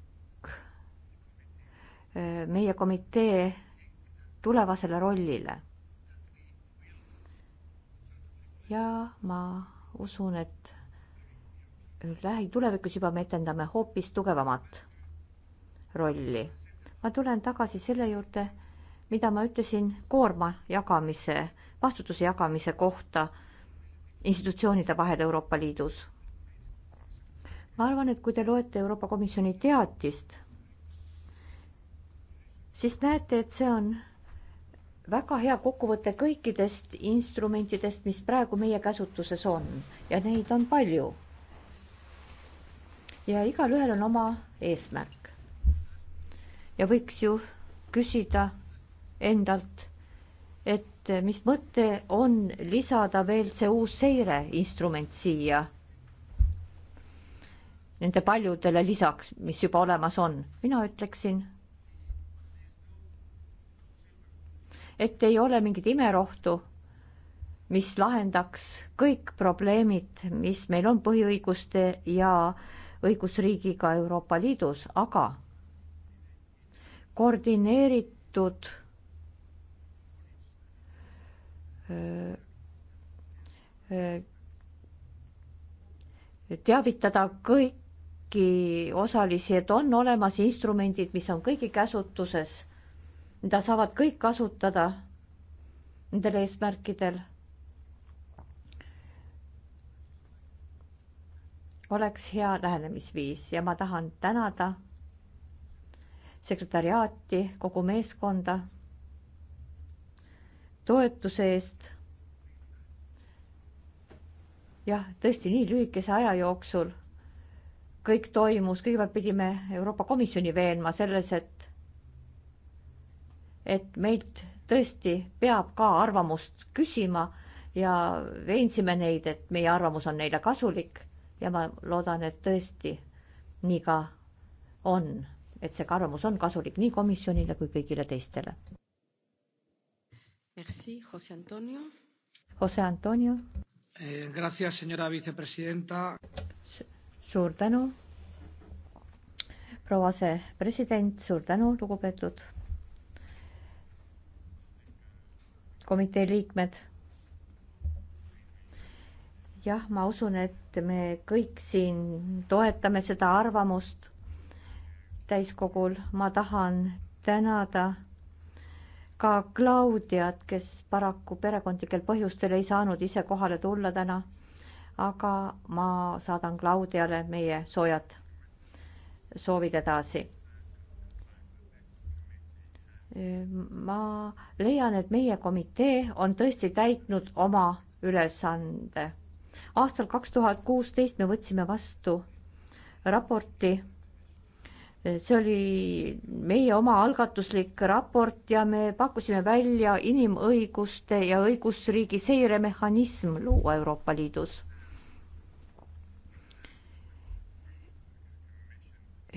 meie komitee tulevasele rollile. ja ma usun, et lähitulevikus juba me etendame hoopis tugevamat rolli. ma tulen tagasi selle juurde, mida ma ütlesin koorma jagamise, vastutuse jagamise kohta institutsioonide vahel Euroopa Liidus. ma arvan, et kui te loete Euroopa Komisjoni teatist siis näete, et see on väga hea kokkuvõte kõikidest instrumentidest, mis praegu meie käsutuses on ja neid on palju. ja igalühel on oma eesmärk. ja võiks ju küsida endalt, et mis mõte on lisada veel see uus seireinstrument siia nende paljudele lisaks, mis juba olemas on, mina ütleksin et ei ole mingit imerohtu, mis lahendaks kõik probleemid, mis meil on põhiõiguste ja õigusriigiga Euroopa Liidus, aga koordineeritud öö, öö, teavitada kõiki osalisi, et on olemas instrumendid, mis on kõigi käsutuses mida saavad kõik kasutada nendel eesmärkidel. oleks hea lähenemisviis ja ma tahan tänada sekretäriaati, kogu meeskonda toetuse eest. jah, tõesti nii lühikese aja jooksul kõik toimus, kõigepealt pidime Euroopa Komisjoni veenma selles, et et meilt tõesti peab ka arvamust küsima ja veensime neid, et meie arvamus on neile kasulik ja ma loodan, et tõesti nii ka on, et see arvamus on kasulik nii komisjonile kui kõigile teistele. Merci, Jose Antonio. Jose Antonio eh,. Gracias, senora vicepresidenta. suur tänu, proua asepresident, suur tänu, lugupeetud komitee liikmed. jah, ma usun, et me kõik siin toetame seda arvamust täiskogul. ma tahan tänada ka Claudiat, kes paraku perekondlikel põhjustel ei saanud ise kohale tulla täna. aga ma saadan Claudiale meie soojad soovid edasi ma leian, et meie komitee on tõesti täitnud oma ülesande. aastal kaks tuhat kuusteist me võtsime vastu raporti. see oli meie oma algatuslik raport ja me pakkusime välja inimõiguste ja õigusriigi seiremehhanism luua Euroopa Liidus.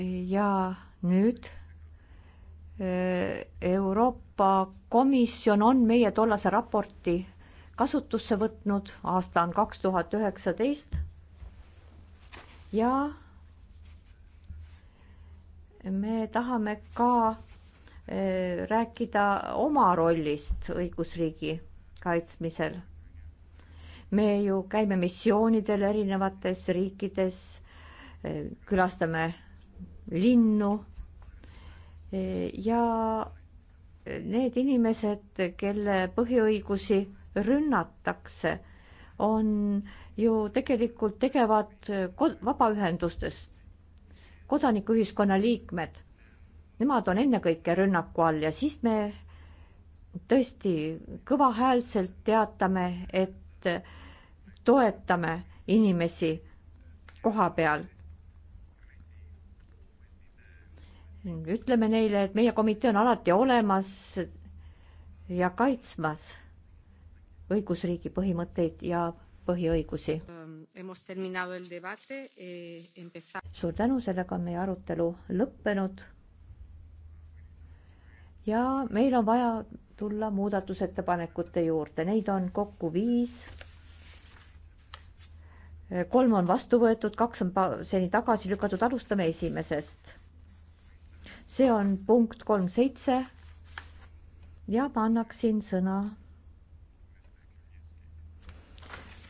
ja nüüd Euroopa Komisjon on meie tollase raporti kasutusse võtnud, aasta on kaks tuhat üheksateist ja me tahame ka eh, rääkida oma rollist õigusriigi kaitsmisel. me ju käime missioonidel erinevates riikides, eh, külastame linnu ja need inimesed, kelle põhiõigusi rünnatakse, on ju tegelikult tegevad vabaühendustes kodanikuühiskonna liikmed. Nemad on ennekõike rünnaku all ja siis me tõesti kõvahäälselt teatame, et toetame inimesi koha peal ütleme neile, et meie komitee on alati olemas ja kaitsmas õigusriigi põhimõtteid ja põhiõigusi. Eh, suur tänu, sellega on meie arutelu lõppenud. ja meil on vaja tulla muudatusettepanekute juurde, neid on kokku viis. kolm on vastu võetud, kaks on seni tagasi lükatud, alustame esimesest see on punkt kolm seitse. ja ma annaksin sõna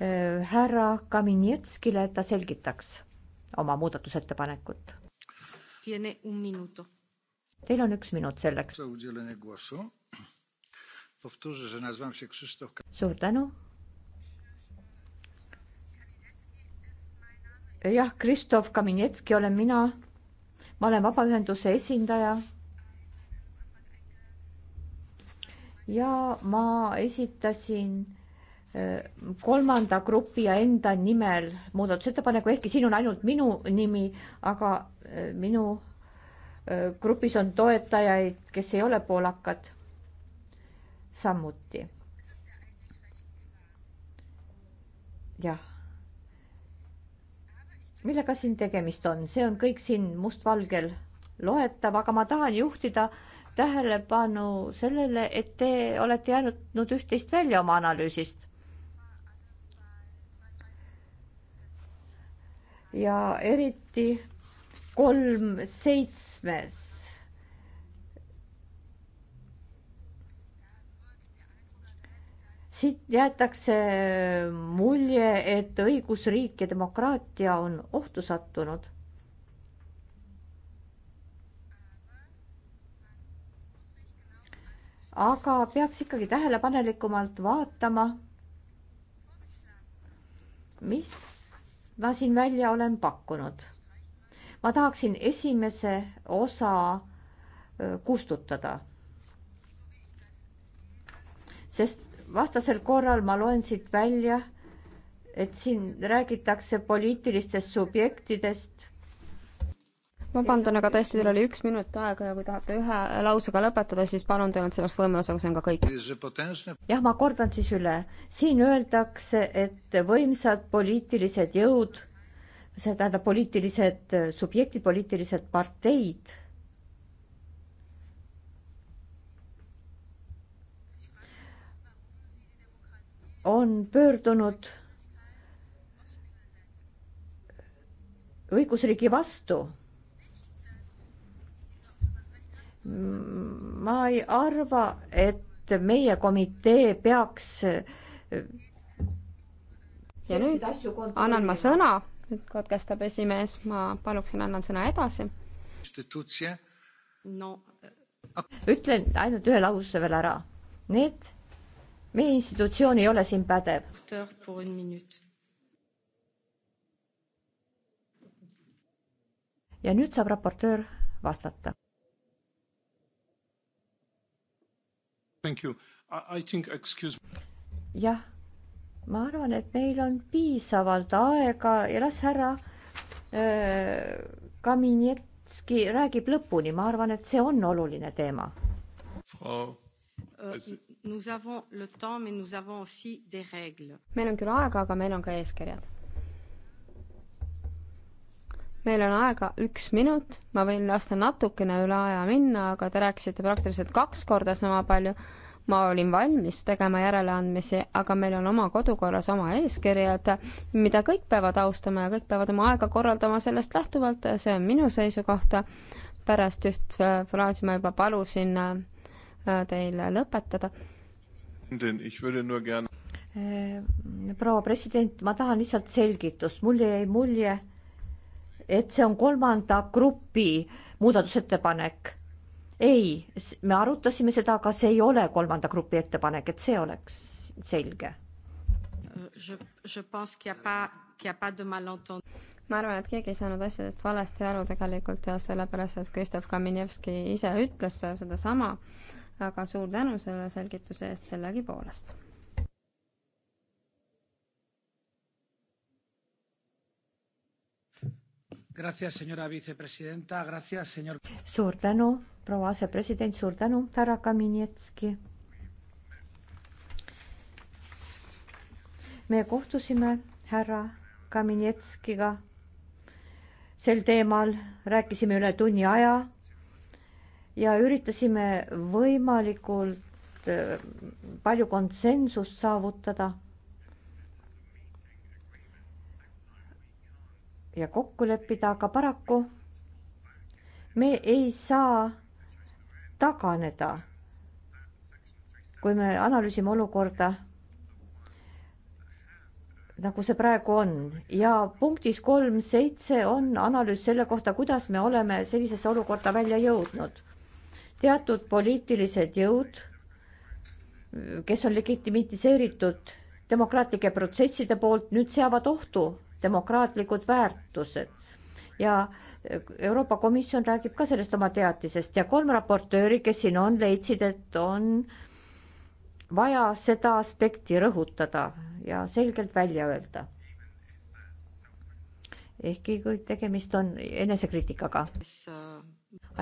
äh, härra Kaminetskile, et ta selgitaks oma muudatusettepanekut. Teil on üks minut selleks. suur tänu. jah, Kristof Kaminetski olen mina ma olen vabaühenduse esindaja. ja ma esitasin äh, kolmanda grupi ja enda nimel muudatusettepaneku, ehkki siin on ainult minu nimi, aga äh, minu äh, grupis on toetajaid, kes ei ole poolakad samuti. jah millega siin tegemist on, see on kõik siin mustvalgel loetav, aga ma tahan juhtida tähelepanu sellele, et te olete jäänud üht-teist välja oma analüüsist. ja eriti kolm seitsmes siit jäetakse mulje, et õigusriik ja demokraatia on ohtu sattunud. aga peaks ikkagi tähelepanelikumalt vaatama, mis ma siin välja olen pakkunud. ma tahaksin esimese osa äh, kustutada sest vastasel korral ma loen siit välja, et siin räägitakse poliitilistest subjektidest. vabandan, aga tõesti, teil oli üks minut aega ja kui tahate ühe lausega lõpetada, siis palun, teil on selleks võimalus, aga see on ka kõik. jah, ma kordan siis üle. siin öeldakse, et võimsad poliitilised jõud, see tähendab poliitilised subjektid, poliitilised parteid on pöördunud õigusriigi vastu. ma ei arva, et meie komitee peaks. ja nüüd annan ma sõna, nüüd katkestab esimees, ma paluksin, annan sõna edasi. no ütlen ainult ühe lause veel ära. Need meie institutsioon ei ole siin pädev. ja nüüd saab raportöör vastata. jah, ma arvan, et meil on piisavalt aega ja las härra äh, Kaminetski räägib lõpuni, ma arvan, et see on oluline teema. Frau äh, Nous avons le temps, mais nous avons aussi des règles. meil on küll aega, aga meil on ka eeskirjad. meil on aega üks minut, ma võin lasta natukene üle aja minna, aga te rääkisite praktiliselt kaks korda sama palju. ma olin valmis tegema järeleandmisi, aga meil on oma kodukorras oma eeskirjad, mida kõik peavad austama ja kõik peavad oma aega korraldama sellest lähtuvalt, see on minu seisukoht. pärast üht äh, fraasi ma juba palusin äh, teil lõpetada Äh, proua president, ma tahan lihtsalt selgitust, mul jäi mulje, et see on kolmanda grupi muudatusettepanek. ei, me arutasime seda, aga see ei ole kolmanda grupi ettepanek, et see oleks selge. Euh, ma arvan, et keegi ei saanud asjadest valesti aru tegelikult ja sellepärast, et Kristof Kaminevski ise ütles sedasama aga suur tänu selle selgituse eest sellegipoolest. Señor... suur tänu, proua asepresident, suur tänu, härra Kaminetski. me kohtusime härra Kaminetskiga sel teemal, rääkisime üle tunni aja ja üritasime võimalikult äh, palju konsensust saavutada. ja kokku leppida, aga paraku me ei saa taganeda, kui me analüüsime olukorda nagu see praegu on ja punktis kolm seitse on analüüs selle kohta, kuidas me oleme sellisesse olukorda välja jõudnud teatud poliitilised jõud, kes on legitimiseeritud demokraatlike protsesside poolt, nüüd seavad ohtu demokraatlikud väärtused ja Euroopa Komisjon räägib ka sellest oma teatisest ja kolm raportööri, kes siin on, leidsid, et on vaja seda aspekti rõhutada ja selgelt välja öelda. ehkki kui tegemist on enesekriitikaga. Äh,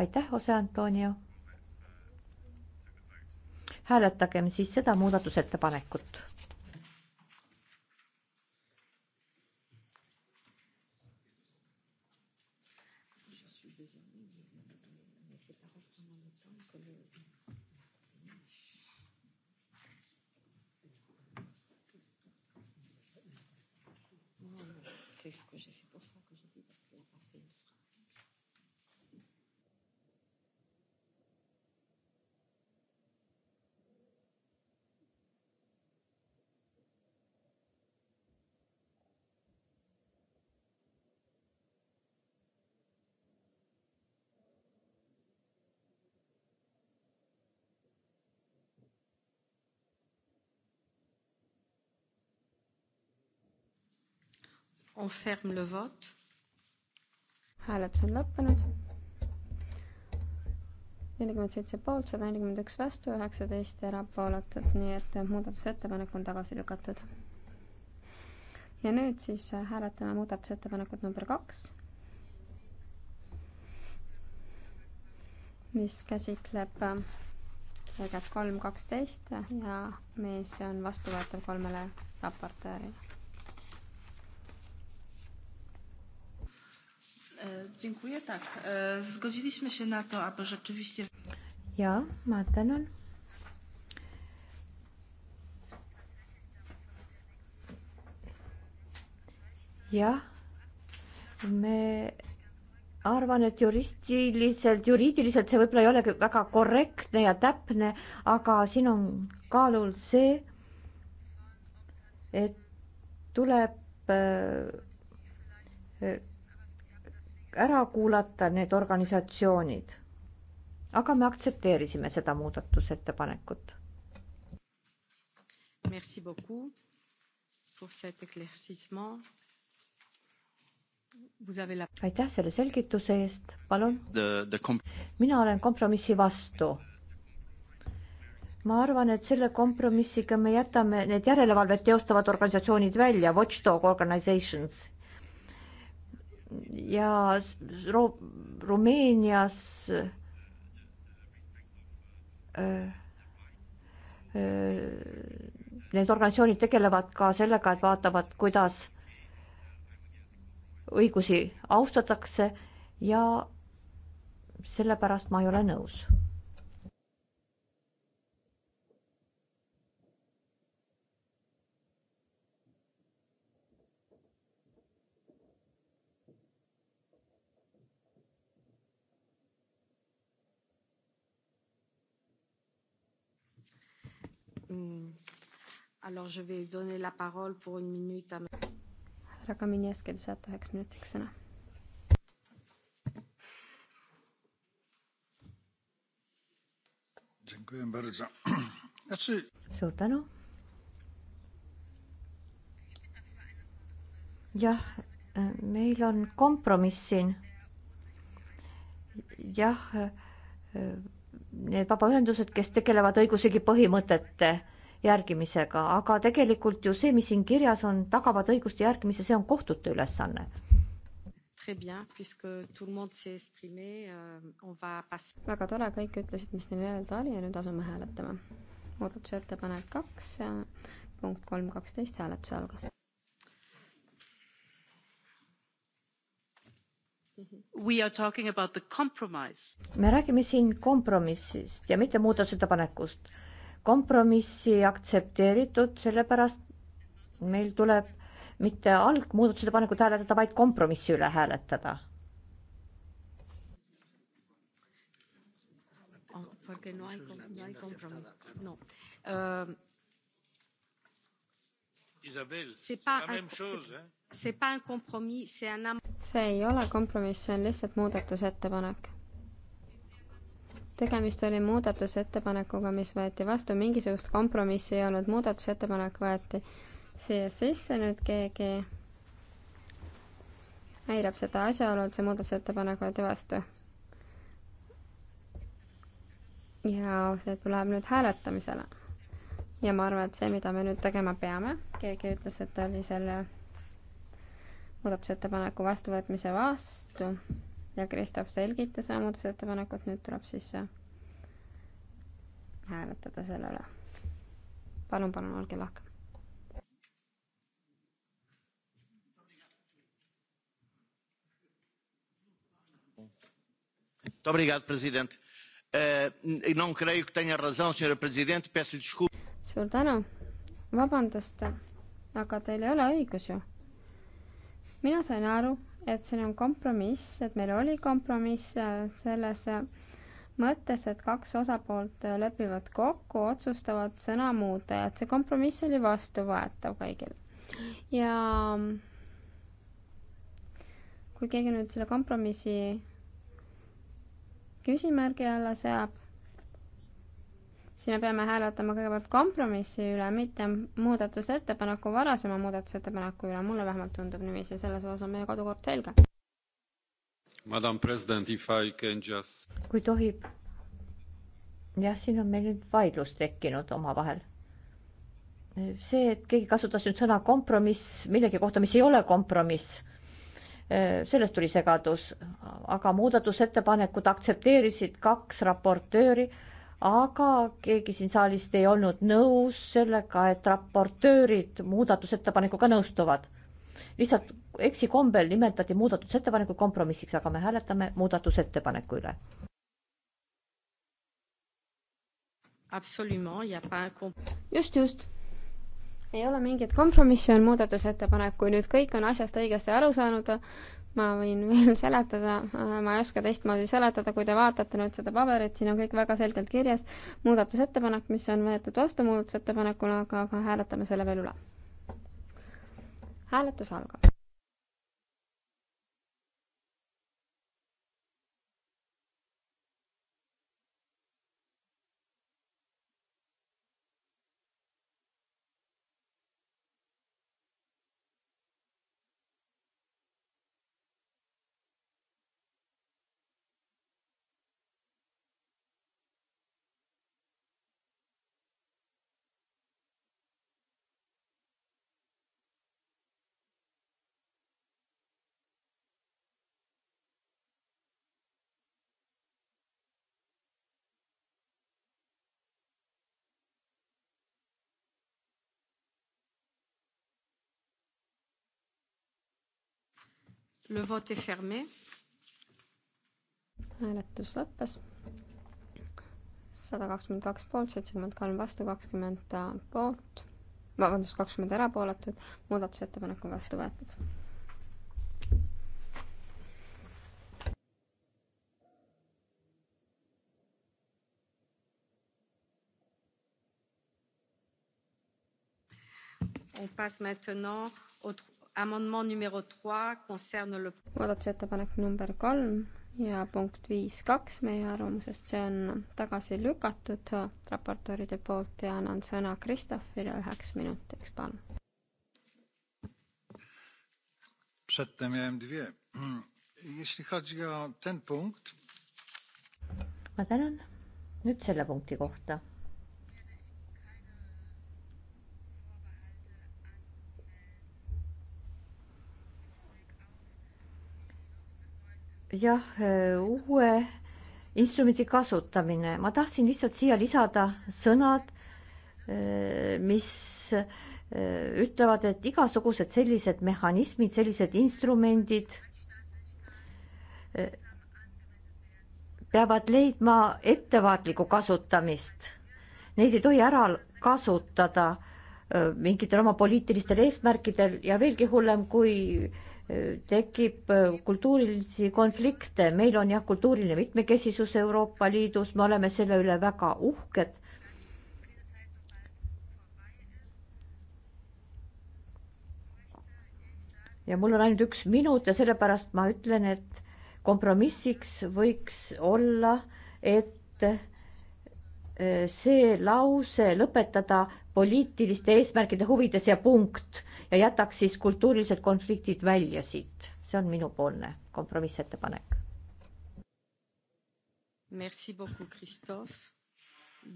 aitäh, Jose Antonio hääletagem siis seda muudatusettepanekut. c'est ce que j'essaie. On ferme le vote. hääletus on lõppenud. nelikümmend seitse poolt, sada nelikümmend üks vastu, üheksateist erapooletut, nii et muudatusettepanek on tagasi lükatud. ja nüüd siis hääletame muudatusettepanekut number kaks mis käsitleb lõiget kolm kaksteist ja mis on vastuvõetav kolmele raportöörile. Dziękuję, tak. E, zgodziliśmy się na to, aby rzeczywiście... Ja, ma tänan. jah, me arvan, et juristiliselt, juriidiliselt see võib-olla ei olegi väga korrektne ja täpne, aga siin on kaalul see, et tuleb äh, ära kuulata need organisatsioonid. aga me aktsepteerisime seda muudatusettepanekut. Merci beaucoup pour cet éclaircissement. La... aitäh selle selgituse eest, palun. mina olen kompromissi vastu. ma arvan, et selle kompromissiga me jätame need järelevalvet teostavad organisatsioonid välja, watchdog organizations ja Ro-, Rumeenias need organisatsioonid tegelevad ka sellega, et vaatavad, kuidas õigusi austatakse ja sellepärast ma ei ole nõus Mm. härra Kamineskel saate üheks minutiks sõna <clears throat> suur tänu. jah, meil on kompromiss siin. jah, need vabaühendused, kes tegelevad õigusriigi põhimõtete järgimisega, aga tegelikult ju see, mis siin kirjas on, tagavad õiguste järgimise, see on kohtute ülesanne. Euh, väga tore, kõik ütlesid, mis neil öelda oli ja nüüd asume hääletama. muudatusettepanek kaks, punkt kolm kaksteist hääletuse algas me räägime siin kompromissist ja mitte muudatusettepanekust. kompromissi aktsepteeritud, sellepärast meil tuleb mitte algmuudatusettepanekut hääletada, vaid kompromissi üle hääletada. porque no hay, no hay compromiso. No. Uh, Isabel, see on la même chose, hein? see ei ole kompromiss, see on lihtsalt muudatusettepanek. tegemist oli muudatusettepanekuga, mis võeti vastu, mingisugust kompromissi ei olnud, muudatusettepanek võeti siia sisse, nüüd keegi häirab seda asjaolu, et see muudatusettepanek võeti vastu. ja see tuleb nüüd hääletamisele. ja ma arvan, et see, mida me nüüd tegema peame keegi ütles, et ta oli selle muudatusettepaneku vastuvõtmise vastu ja Kristof selgitas oma muudatusettepanekut, nüüd tuleb siis äh, hääletada selle üle. palun, palun, olge lahke. Muito obrigado, presidente. Uh, não creio que tenha razão, senhora presidente. Peço desculpa. Suur tänu. Vabandust aga teil ei ole õigus ju. mina sain aru, et siin on kompromiss, et meil oli kompromiss äh, selles äh, mõttes, et kaks osapoolt äh, lepivad kokku, otsustavad sõna muuta ja et see kompromiss oli vastuvõetav kõigile. ja mm, kui keegi nüüd selle kompromissi küsimärgi alla seab, siis me peame hääletama kõigepealt kompromissi üle, mitte muudatusettepaneku, varasema muudatusettepaneku üle, mulle vähemalt tundub niiviisi, selles osas on meie kodukord selge. Madam President, if I can just. kui tohib. jah, siin on meil nüüd vaidlus tekkinud omavahel see, et keegi kasutas nüüd sõna kompromiss millegi kohta, mis ei ole kompromiss, sellest tuli segadus, aga muudatusettepanekud aktsepteerisid kaks raportööri aga keegi siin saalist ei olnud nõus sellega, et raportöörid muudatusettepanekuga nõustuvad. lihtsalt eksikombel nimetati muudatusettepaneku kompromissiks, aga me hääletame muudatusettepaneku üle. just, just. ei ole mingit kompromissi, on muudatusettepanek, kui nüüd kõik on asjast õigesti aru saanud, ma võin <laughs> veel seletada, äh, ma ei oska teistmoodi seletada, kui te vaatate nüüd seda paberit, siin on kõik väga selgelt kirjas, muudatusettepanek, mis on võetud vastu muudatusettepanekuna, aga hääletame selle veel üle. hääletus algab. Le vote est fermé. hääletus lõppes. sada kakskümmend kaks poolt, seitsekümmend kolm vastu, kakskümmend äh, poolt, vabandust, kakskümmend erapooletut, muudatusettepanek on vastu võetud. On passe maintenant au muudatusettepanek number kolm ja punkt viis kaks meie arvamusest, see on tagasi lükatud raportööride poolt ja annan sõna Kristofile üheks minutiks, palun. Przedtem miałem dwie. Jeśli chodzi o ten punkt. Ma tänan. Nüüd selle punkti kohta jah, eh, uue instrumendi kasutamine, ma tahtsin lihtsalt siia lisada sõnad, eh, mis eh, ütlevad, et igasugused sellised mehhanismid, sellised instrumendid peavad leidma ettevaatlikku kasutamist. Neid ei tohi ära kasutada mingitel oma poliitilistel eesmärkidel ja veelgi hullem, kui tekib äh, kultuurilisi konflikte, meil on jah, kultuuriline mitmekesisus Euroopa Liidus, me oleme selle üle väga uhked. ja mul on ainult üks minut ja sellepärast ma ütlen, et kompromissiks võiks olla, et äh, see lause lõpetada poliitiliste eesmärkide huvides ja punkt ja jätaks siis kultuurilised konfliktid välja siit. see on minupoolne kompromissettepanek. Merci beaucoup, Christophe.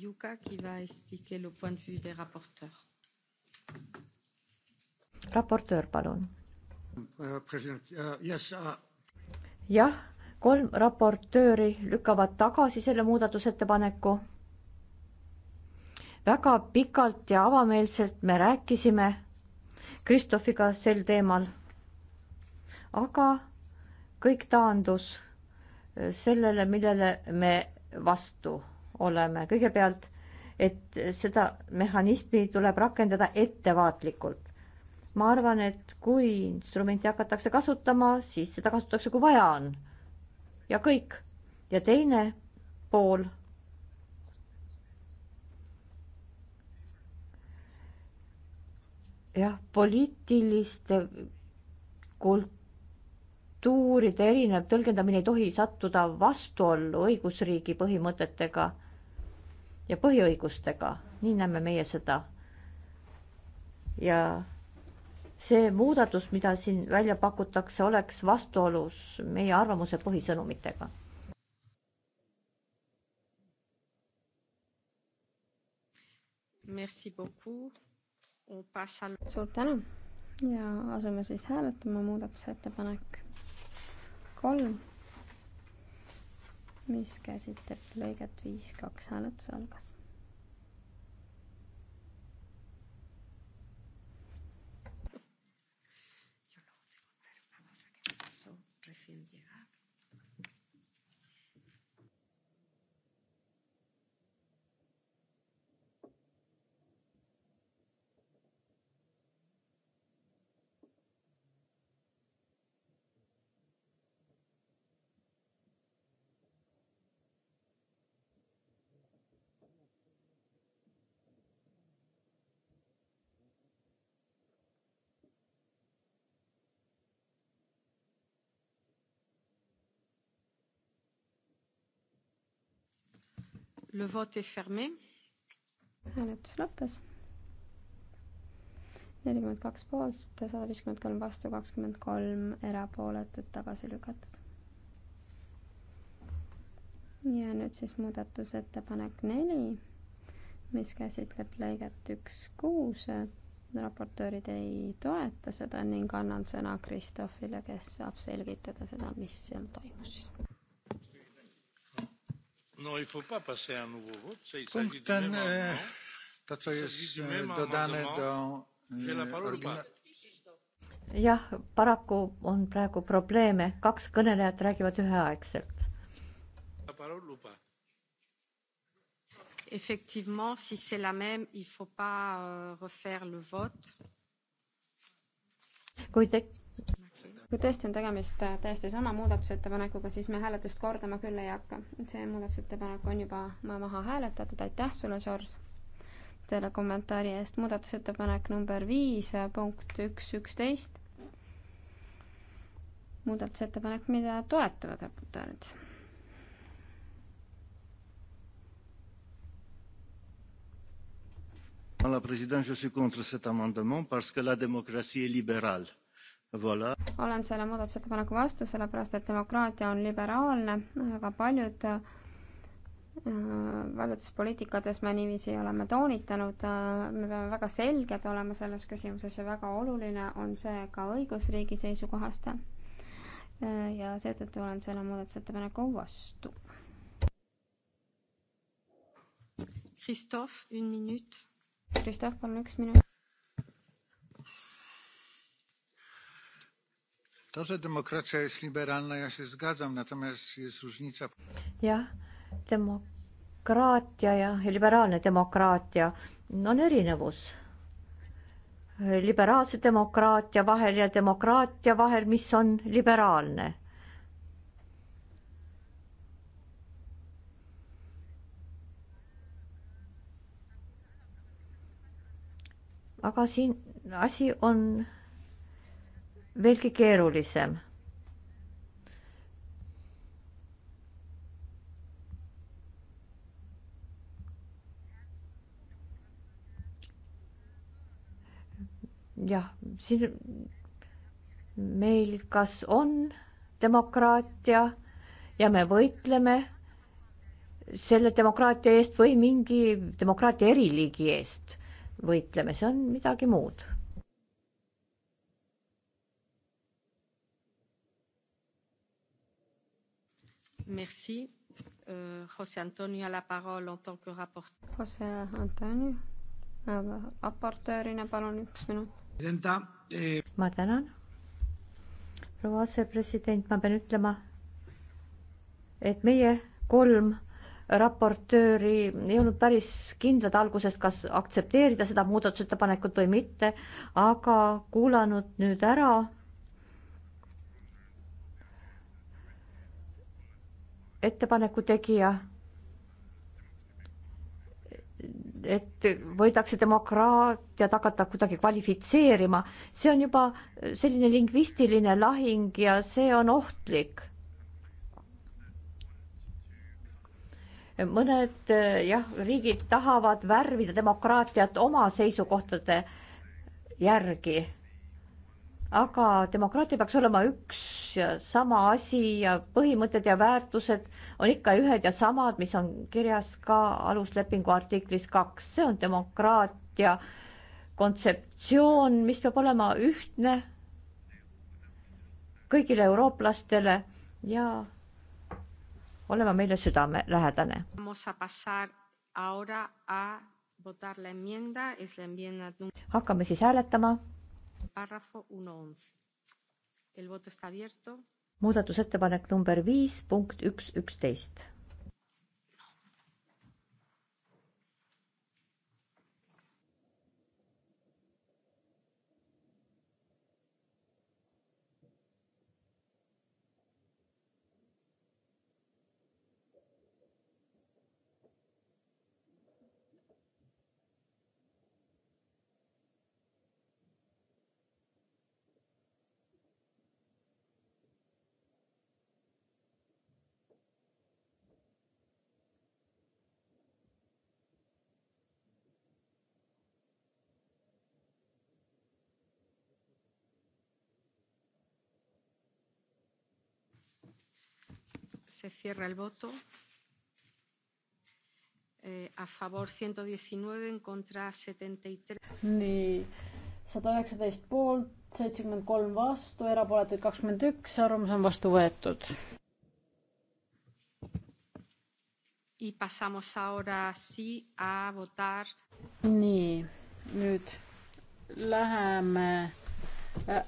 Yuka, qui va expliquer le point de vue des rapporteurs. raportöör, palun. Uh, president, uh, yes. Uh, jah, kolm raportööri lükkavad tagasi selle muudatusettepaneku väga pikalt ja avameelselt me rääkisime Kristofiga sel teemal. aga kõik taandus eh, sellele, millele me vastu oleme. kõigepealt, et seda mehhanismi tuleb rakendada ettevaatlikult. ma arvan, et kui instrumenti hakatakse kasutama, siis seda kasutatakse, kui vaja on. ja kõik. ja teine pool jah, poliitiliste kultuuride erinev tõlgendamine ei tohi sattuda vastuollu õigusriigi põhimõtetega ja põhiõigustega, nii näeme meie seda. ja see muudatus, mida siin välja pakutakse, oleks vastuolus meie arvamuse põhisõnumitega. Merci beaucoup suur tänu ja asume siis hääletama muudatusettepanek kolm, mis käsitleb lõiget viis kaks, hääletus algas hääletus lõppes. nelikümmend kaks poolt, sada viiskümmend kolm vastu, kakskümmend kolm erapooletut tagasi lükatud. ja nüüd siis muudatusettepanek neli, mis käsitleb lõiget üks kuus, raportöörid ei toeta seda ning annan sõna Kristoffile, kes saab selgitada seda, mis seal toimus siis Punkt ten eh, to, co jest eh, dodane do eh, orygina- jah, paraku on praegu probleeme, kaks kõnelejat räägivad üheaegselt. Effectivement, si c'est la même, il faut pas euh, refaire le vote. kui tek-, kui tõesti on tegemist äh, täiesti sama muudatusettepanekuga, siis me hääletust kordama küll ei hakka. see muudatusettepanek on juba maha hääletatud, aitäh sulle, George, selle kommentaari eest. muudatusettepanek number viis, äh, punkt üks, üksteist. muudatusettepanek, mida toetavad raportöörid madame la présidente je suis contre cet amendement parce que la démocratie est libérale. Voilà. olen selle muudatusettepaneku vastu, sellepärast et demokraatia on liberaalne, aga paljud äh, paljudes poliitikates me niiviisi oleme toonitanud äh,, me peame väga selged olema selles küsimuses ja väga oluline on see ka õigusriigi seisukohast äh,. ja seetõttu olen selle muudatusettepaneku vastu. Christophe, une minute. Christophe, palun üks minut. To, że demokracja jest liberalna, ja się zgadzam, natomiast jest różnica. jah, demokraatia ja liberaalne demokraatia on erinevus liberaalse demokraatia vahel ja demokraatia vahel, mis on liberaalne. aga siin asi on veelgi keerulisem. jah, siin meil kas on demokraatia ja me võitleme selle demokraatia eest või mingi demokraatia eriliigi eest võitleme, see on midagi muud Merci. Euh, José Antonio a la parole en tant que rapporteur. José Antonio, euh, raportöörina palun üks minut. Eh, ma tänan. proua asepresident, ma pean ütlema, et meie kolm raportööri ei olnud päris kindlad alguses, kas aktsepteerida seda muudatusettepanekut või mitte, aga kuulanud nüüd ära ettepaneku tegija, et võidakse demokraatiat hakata kuidagi kvalifitseerima, see on juba selline lingvistiline lahing ja see on ohtlik. mõned jah, riigid tahavad värvida demokraatiat oma seisukohtade järgi aga demokraatia peaks olema üks ja sama asi ja põhimõtted ja väärtused on ikka ühed ja samad, mis on kirjas ka aluslepingu artiklis kaks, see on demokraatia kontseptsioon, mis peab olema ühtne kõigile eurooplastele ja olema meile südamelähedane. hakkame siis hääletama muudatusettepanek number viis punkt üks üksteist. Se cierra el voto. Eh, a favor 119, en contra 73. nii, sada üheksateist poolt, seitsekümmend kolm vastu, erapooletuid kakskümmend üks, arvamus on vastu võetud. Y pasamos ahora sí a votar. nii, nüüd läheme äh,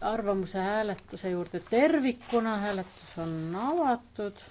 arvamuse hääletuse juurde tervikuna, hääletus on avatud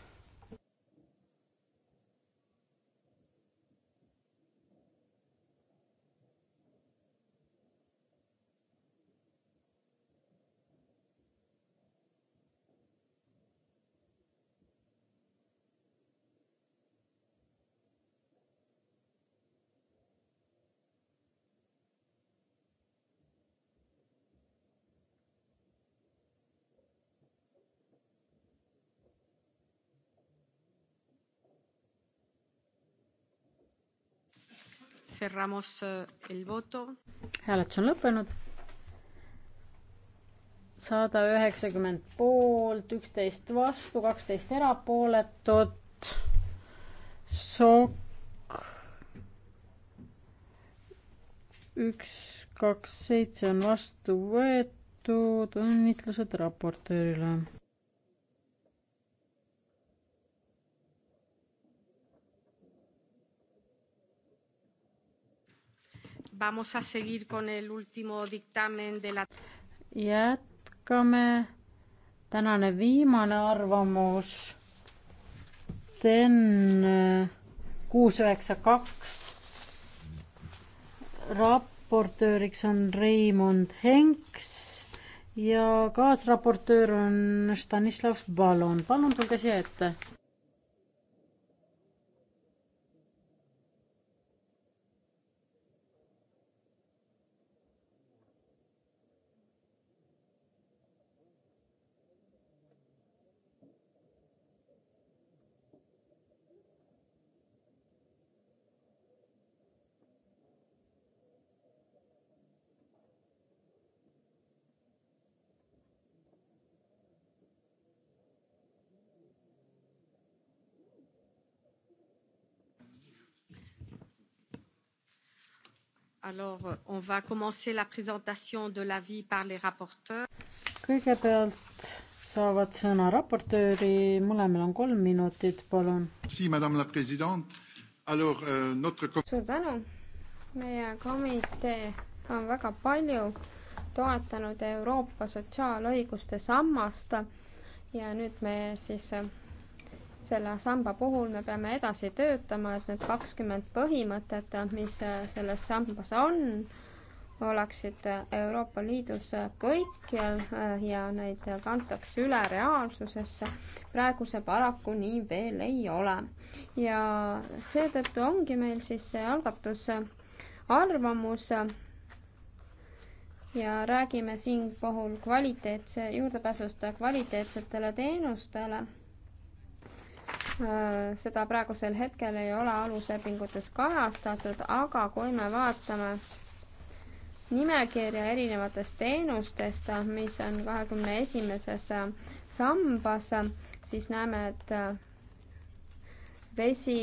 Cerramos eh, el voto. hääletus on lõppenud. sada üheksakümmend poolt, üksteist vastu, kaksteist erapooletut. Sokk. üks, kaks, seitse on vastu võetud, õnnitlused raportöörile. Vamos a seguir con el último dictamen de la... jätkame tänane viimane arvamus. TEN eh, kuus üheksa kaks. raportööriks on Reimond Henks ja kaasraportöör on Stanislav Balon. palun tulge siia ette Alors, on va commencer la présentation de l'avis par les rapporteurs. Kõigepealt saavad sõna raportööri, mõlemal on kolm minutit, palun. Si, madame la présidente. Alors, euh, notre... Suur tänu. Meie komitee on väga palju toetanud Euroopa sotsiaalõiguste sammast ja nüüd me siis selle samba puhul me peame edasi töötama, et need kakskümmend põhimõtet, mis äh, selles sambas on, oleksid äh, Euroopa Liidus äh, kõikjal ja neid kantakse üle reaalsusesse. praegu see paraku nii veel ei ole. ja seetõttu ongi meil siis see algatus arvamus ja räägime siin puhul kvaliteetse, juurdepääsust kvaliteetsetele teenustele Äh, seda praegusel hetkel ei ole aluslepingutes kajastatud, aga kui me vaatame nimekirja erinevatest teenustest, mis on kahekümne esimeses äh, sambas, äh, siis näeme, et vesi,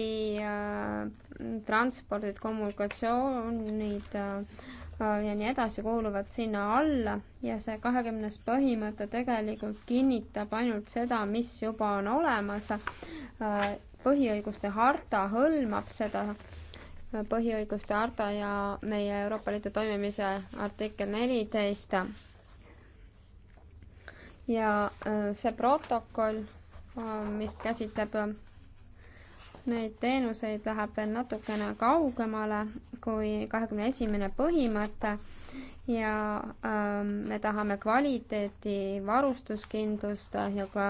transpordid, kommunikatsioonid äh,, Äh, ja nii edasi kuuluvad sinna alla ja see kahekümnes põhimõte tegelikult kinnitab ainult seda, mis juba on olemas. Äh, põhiõiguste harta hõlmab seda äh, põhiõiguste harta ja meie Euroopa Liidu toimimise artikkel neliteist. ja see protokoll, mis käsitleb neid teenuseid läheb veel natukene kaugemale kui kahekümne esimene põhimõte ja äh, me tahame kvaliteeti, varustuskindlust ja ka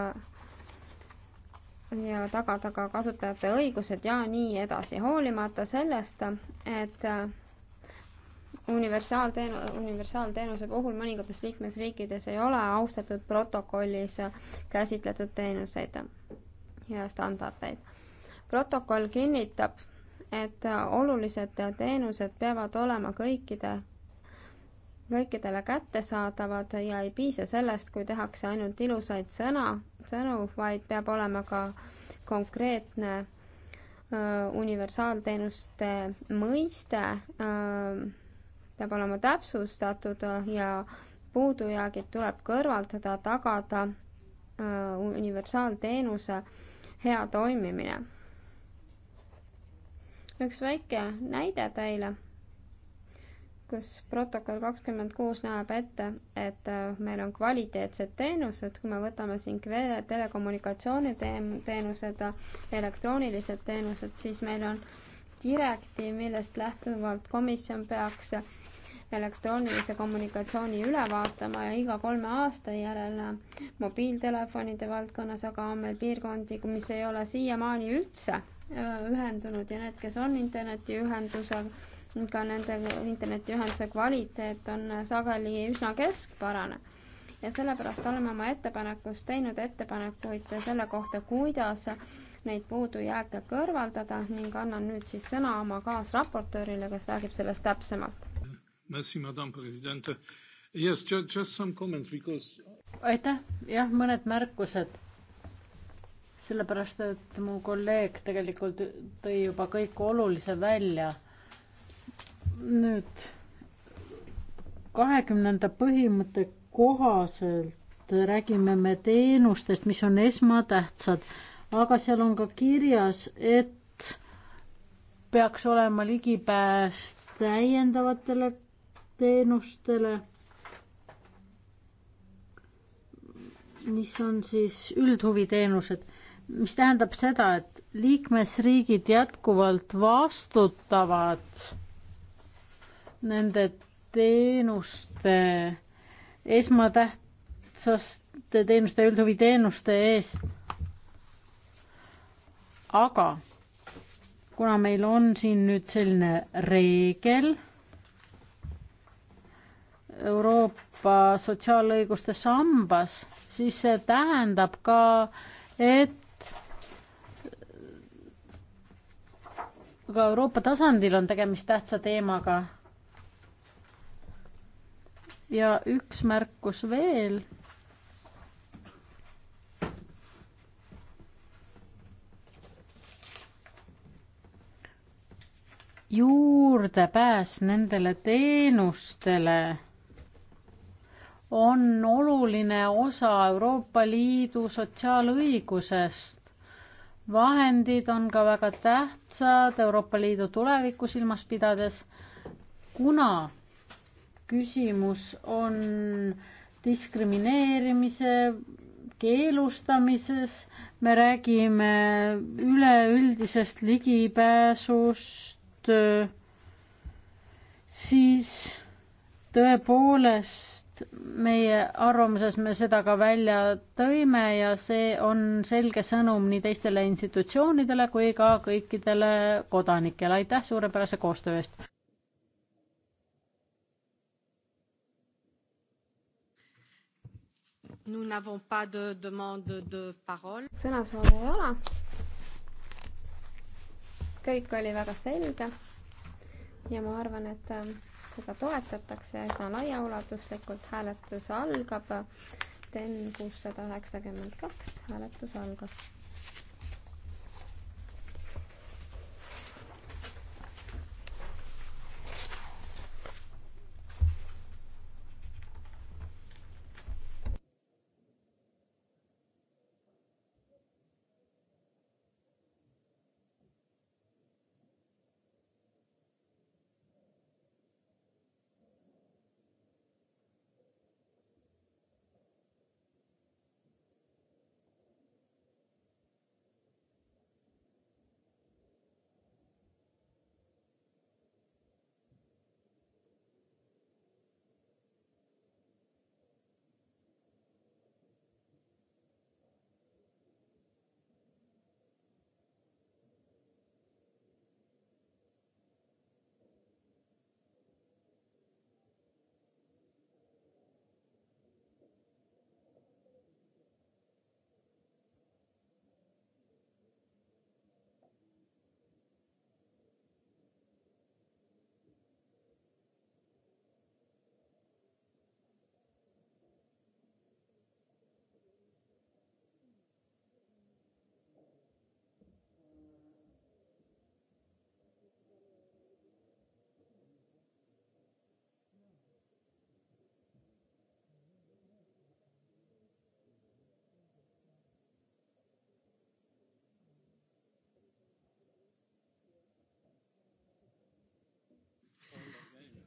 ja tagada -taga ka kasutajate õigused ja nii edasi, hoolimata sellest, et äh, universaalteenu-, universaalteenuse puhul mõningates liikmesriikides ei ole austatud protokollis käsitletud teenuseid ja standardeid protokoll kinnitab, et olulised teenused peavad olema kõikide, kõikidele kättesaadavad ja ei piisa sellest, kui tehakse ainult ilusaid sõna, sõnu, vaid peab olema ka konkreetne öö, universaalteenuste mõiste, peab olema täpsustatud ja puudujäägid tuleb kõrvaldada, tagada öö, universaalteenuse hea toimimine üks väike näide teile, kus protokoll kakskümmend kuus näeb ette, et äh, meil on kvaliteetsed teenused, kui me võtame siin telekommunikatsiooniteenused, elektroonilised teenused, siis meil on direktiiv, millest lähtuvalt komisjon peaks elektroonilise kommunikatsiooni üle vaatama ja iga kolme aasta järel äh, mobiiltelefonide valdkonnas, aga on meil piirkondi, mis ei ole siiamaani üldse Äh, ühendunud ja need, kes on internetiühendusega, ka nende internetiühenduse kvaliteet on äh, sageli üsna keskpärane. ja sellepärast oleme oma ettepanekus teinud ettepanekuid selle kohta, kuidas neid puudujääke kõrvaldada ning annan nüüd siis sõna oma kaasraportöörile, kes räägib sellest täpsemalt. aitäh, jah, mõned märkused sellepärast, et mu kolleeg tegelikult tõi juba kõik olulise välja. nüüd kahekümnenda põhimõtte kohaselt räägime me teenustest, mis on esmatähtsad, aga seal on ka kirjas, et peaks olema ligipääs täiendavatele teenustele mis on siis üldhuviteenused mis tähendab seda, et liikmesriigid jätkuvalt vastutavad nende teenuste, esmatähtsaste teenuste, üldhuviteenuste eest. aga kuna meil on siin nüüd selline reegel Euroopa sotsiaalõiguste sambas, siis see tähendab ka, et aga Euroopa tasandil on tegemist tähtsa teemaga. ja üks märkus veel. juurdepääs nendele teenustele on oluline osa Euroopa Liidu sotsiaalõigusest vahendid on ka väga tähtsad Euroopa Liidu tulevikku silmas pidades, kuna küsimus on diskrimineerimise keelustamises, me räägime üleüldisest ligipääsust, siis tõepoolest meie arvamuses me seda ka välja tõime ja see on selge sõnum nii teistele institutsioonidele kui ka kõikidele kodanikele. aitäh suurepärase koostöö eest! Nous n'avons pas de demande de parole. sõnasoove ei ole. kõik oli väga selge ja ma arvan, et ähm, seda toetatakse üsna laiaulatuslikult, hääletus algab, TEN kuussada üheksakümmend kaks, hääletus algab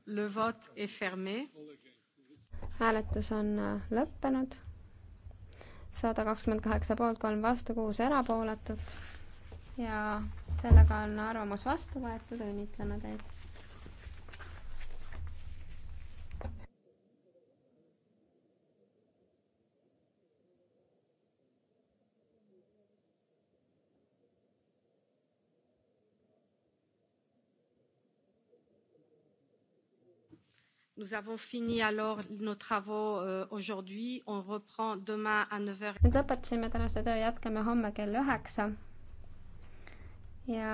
Le vote est fermé. hääletus on äh, lõppenud. sada kakskümmend kaheksa poolt, kolm vastu, kuus erapooletut. ja sellega on arvamus vastu võetud, õnnitleme teid. Nous avons fini alors nos travaux euh, aujourd'hui, on reprend demain à 9h. nüüd lõpetasime tänase töö, jätkame homme kell üheksa. ja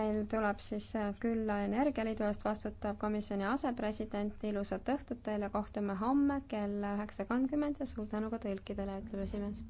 meil tuleb siis äh, külla Energialiidu eest vastutav komisjoni asepresident, ilusat õhtut teile, kohtume homme kell üheksa kolmkümmend ja suur tänu ka tõlkidele, ütleb esimees.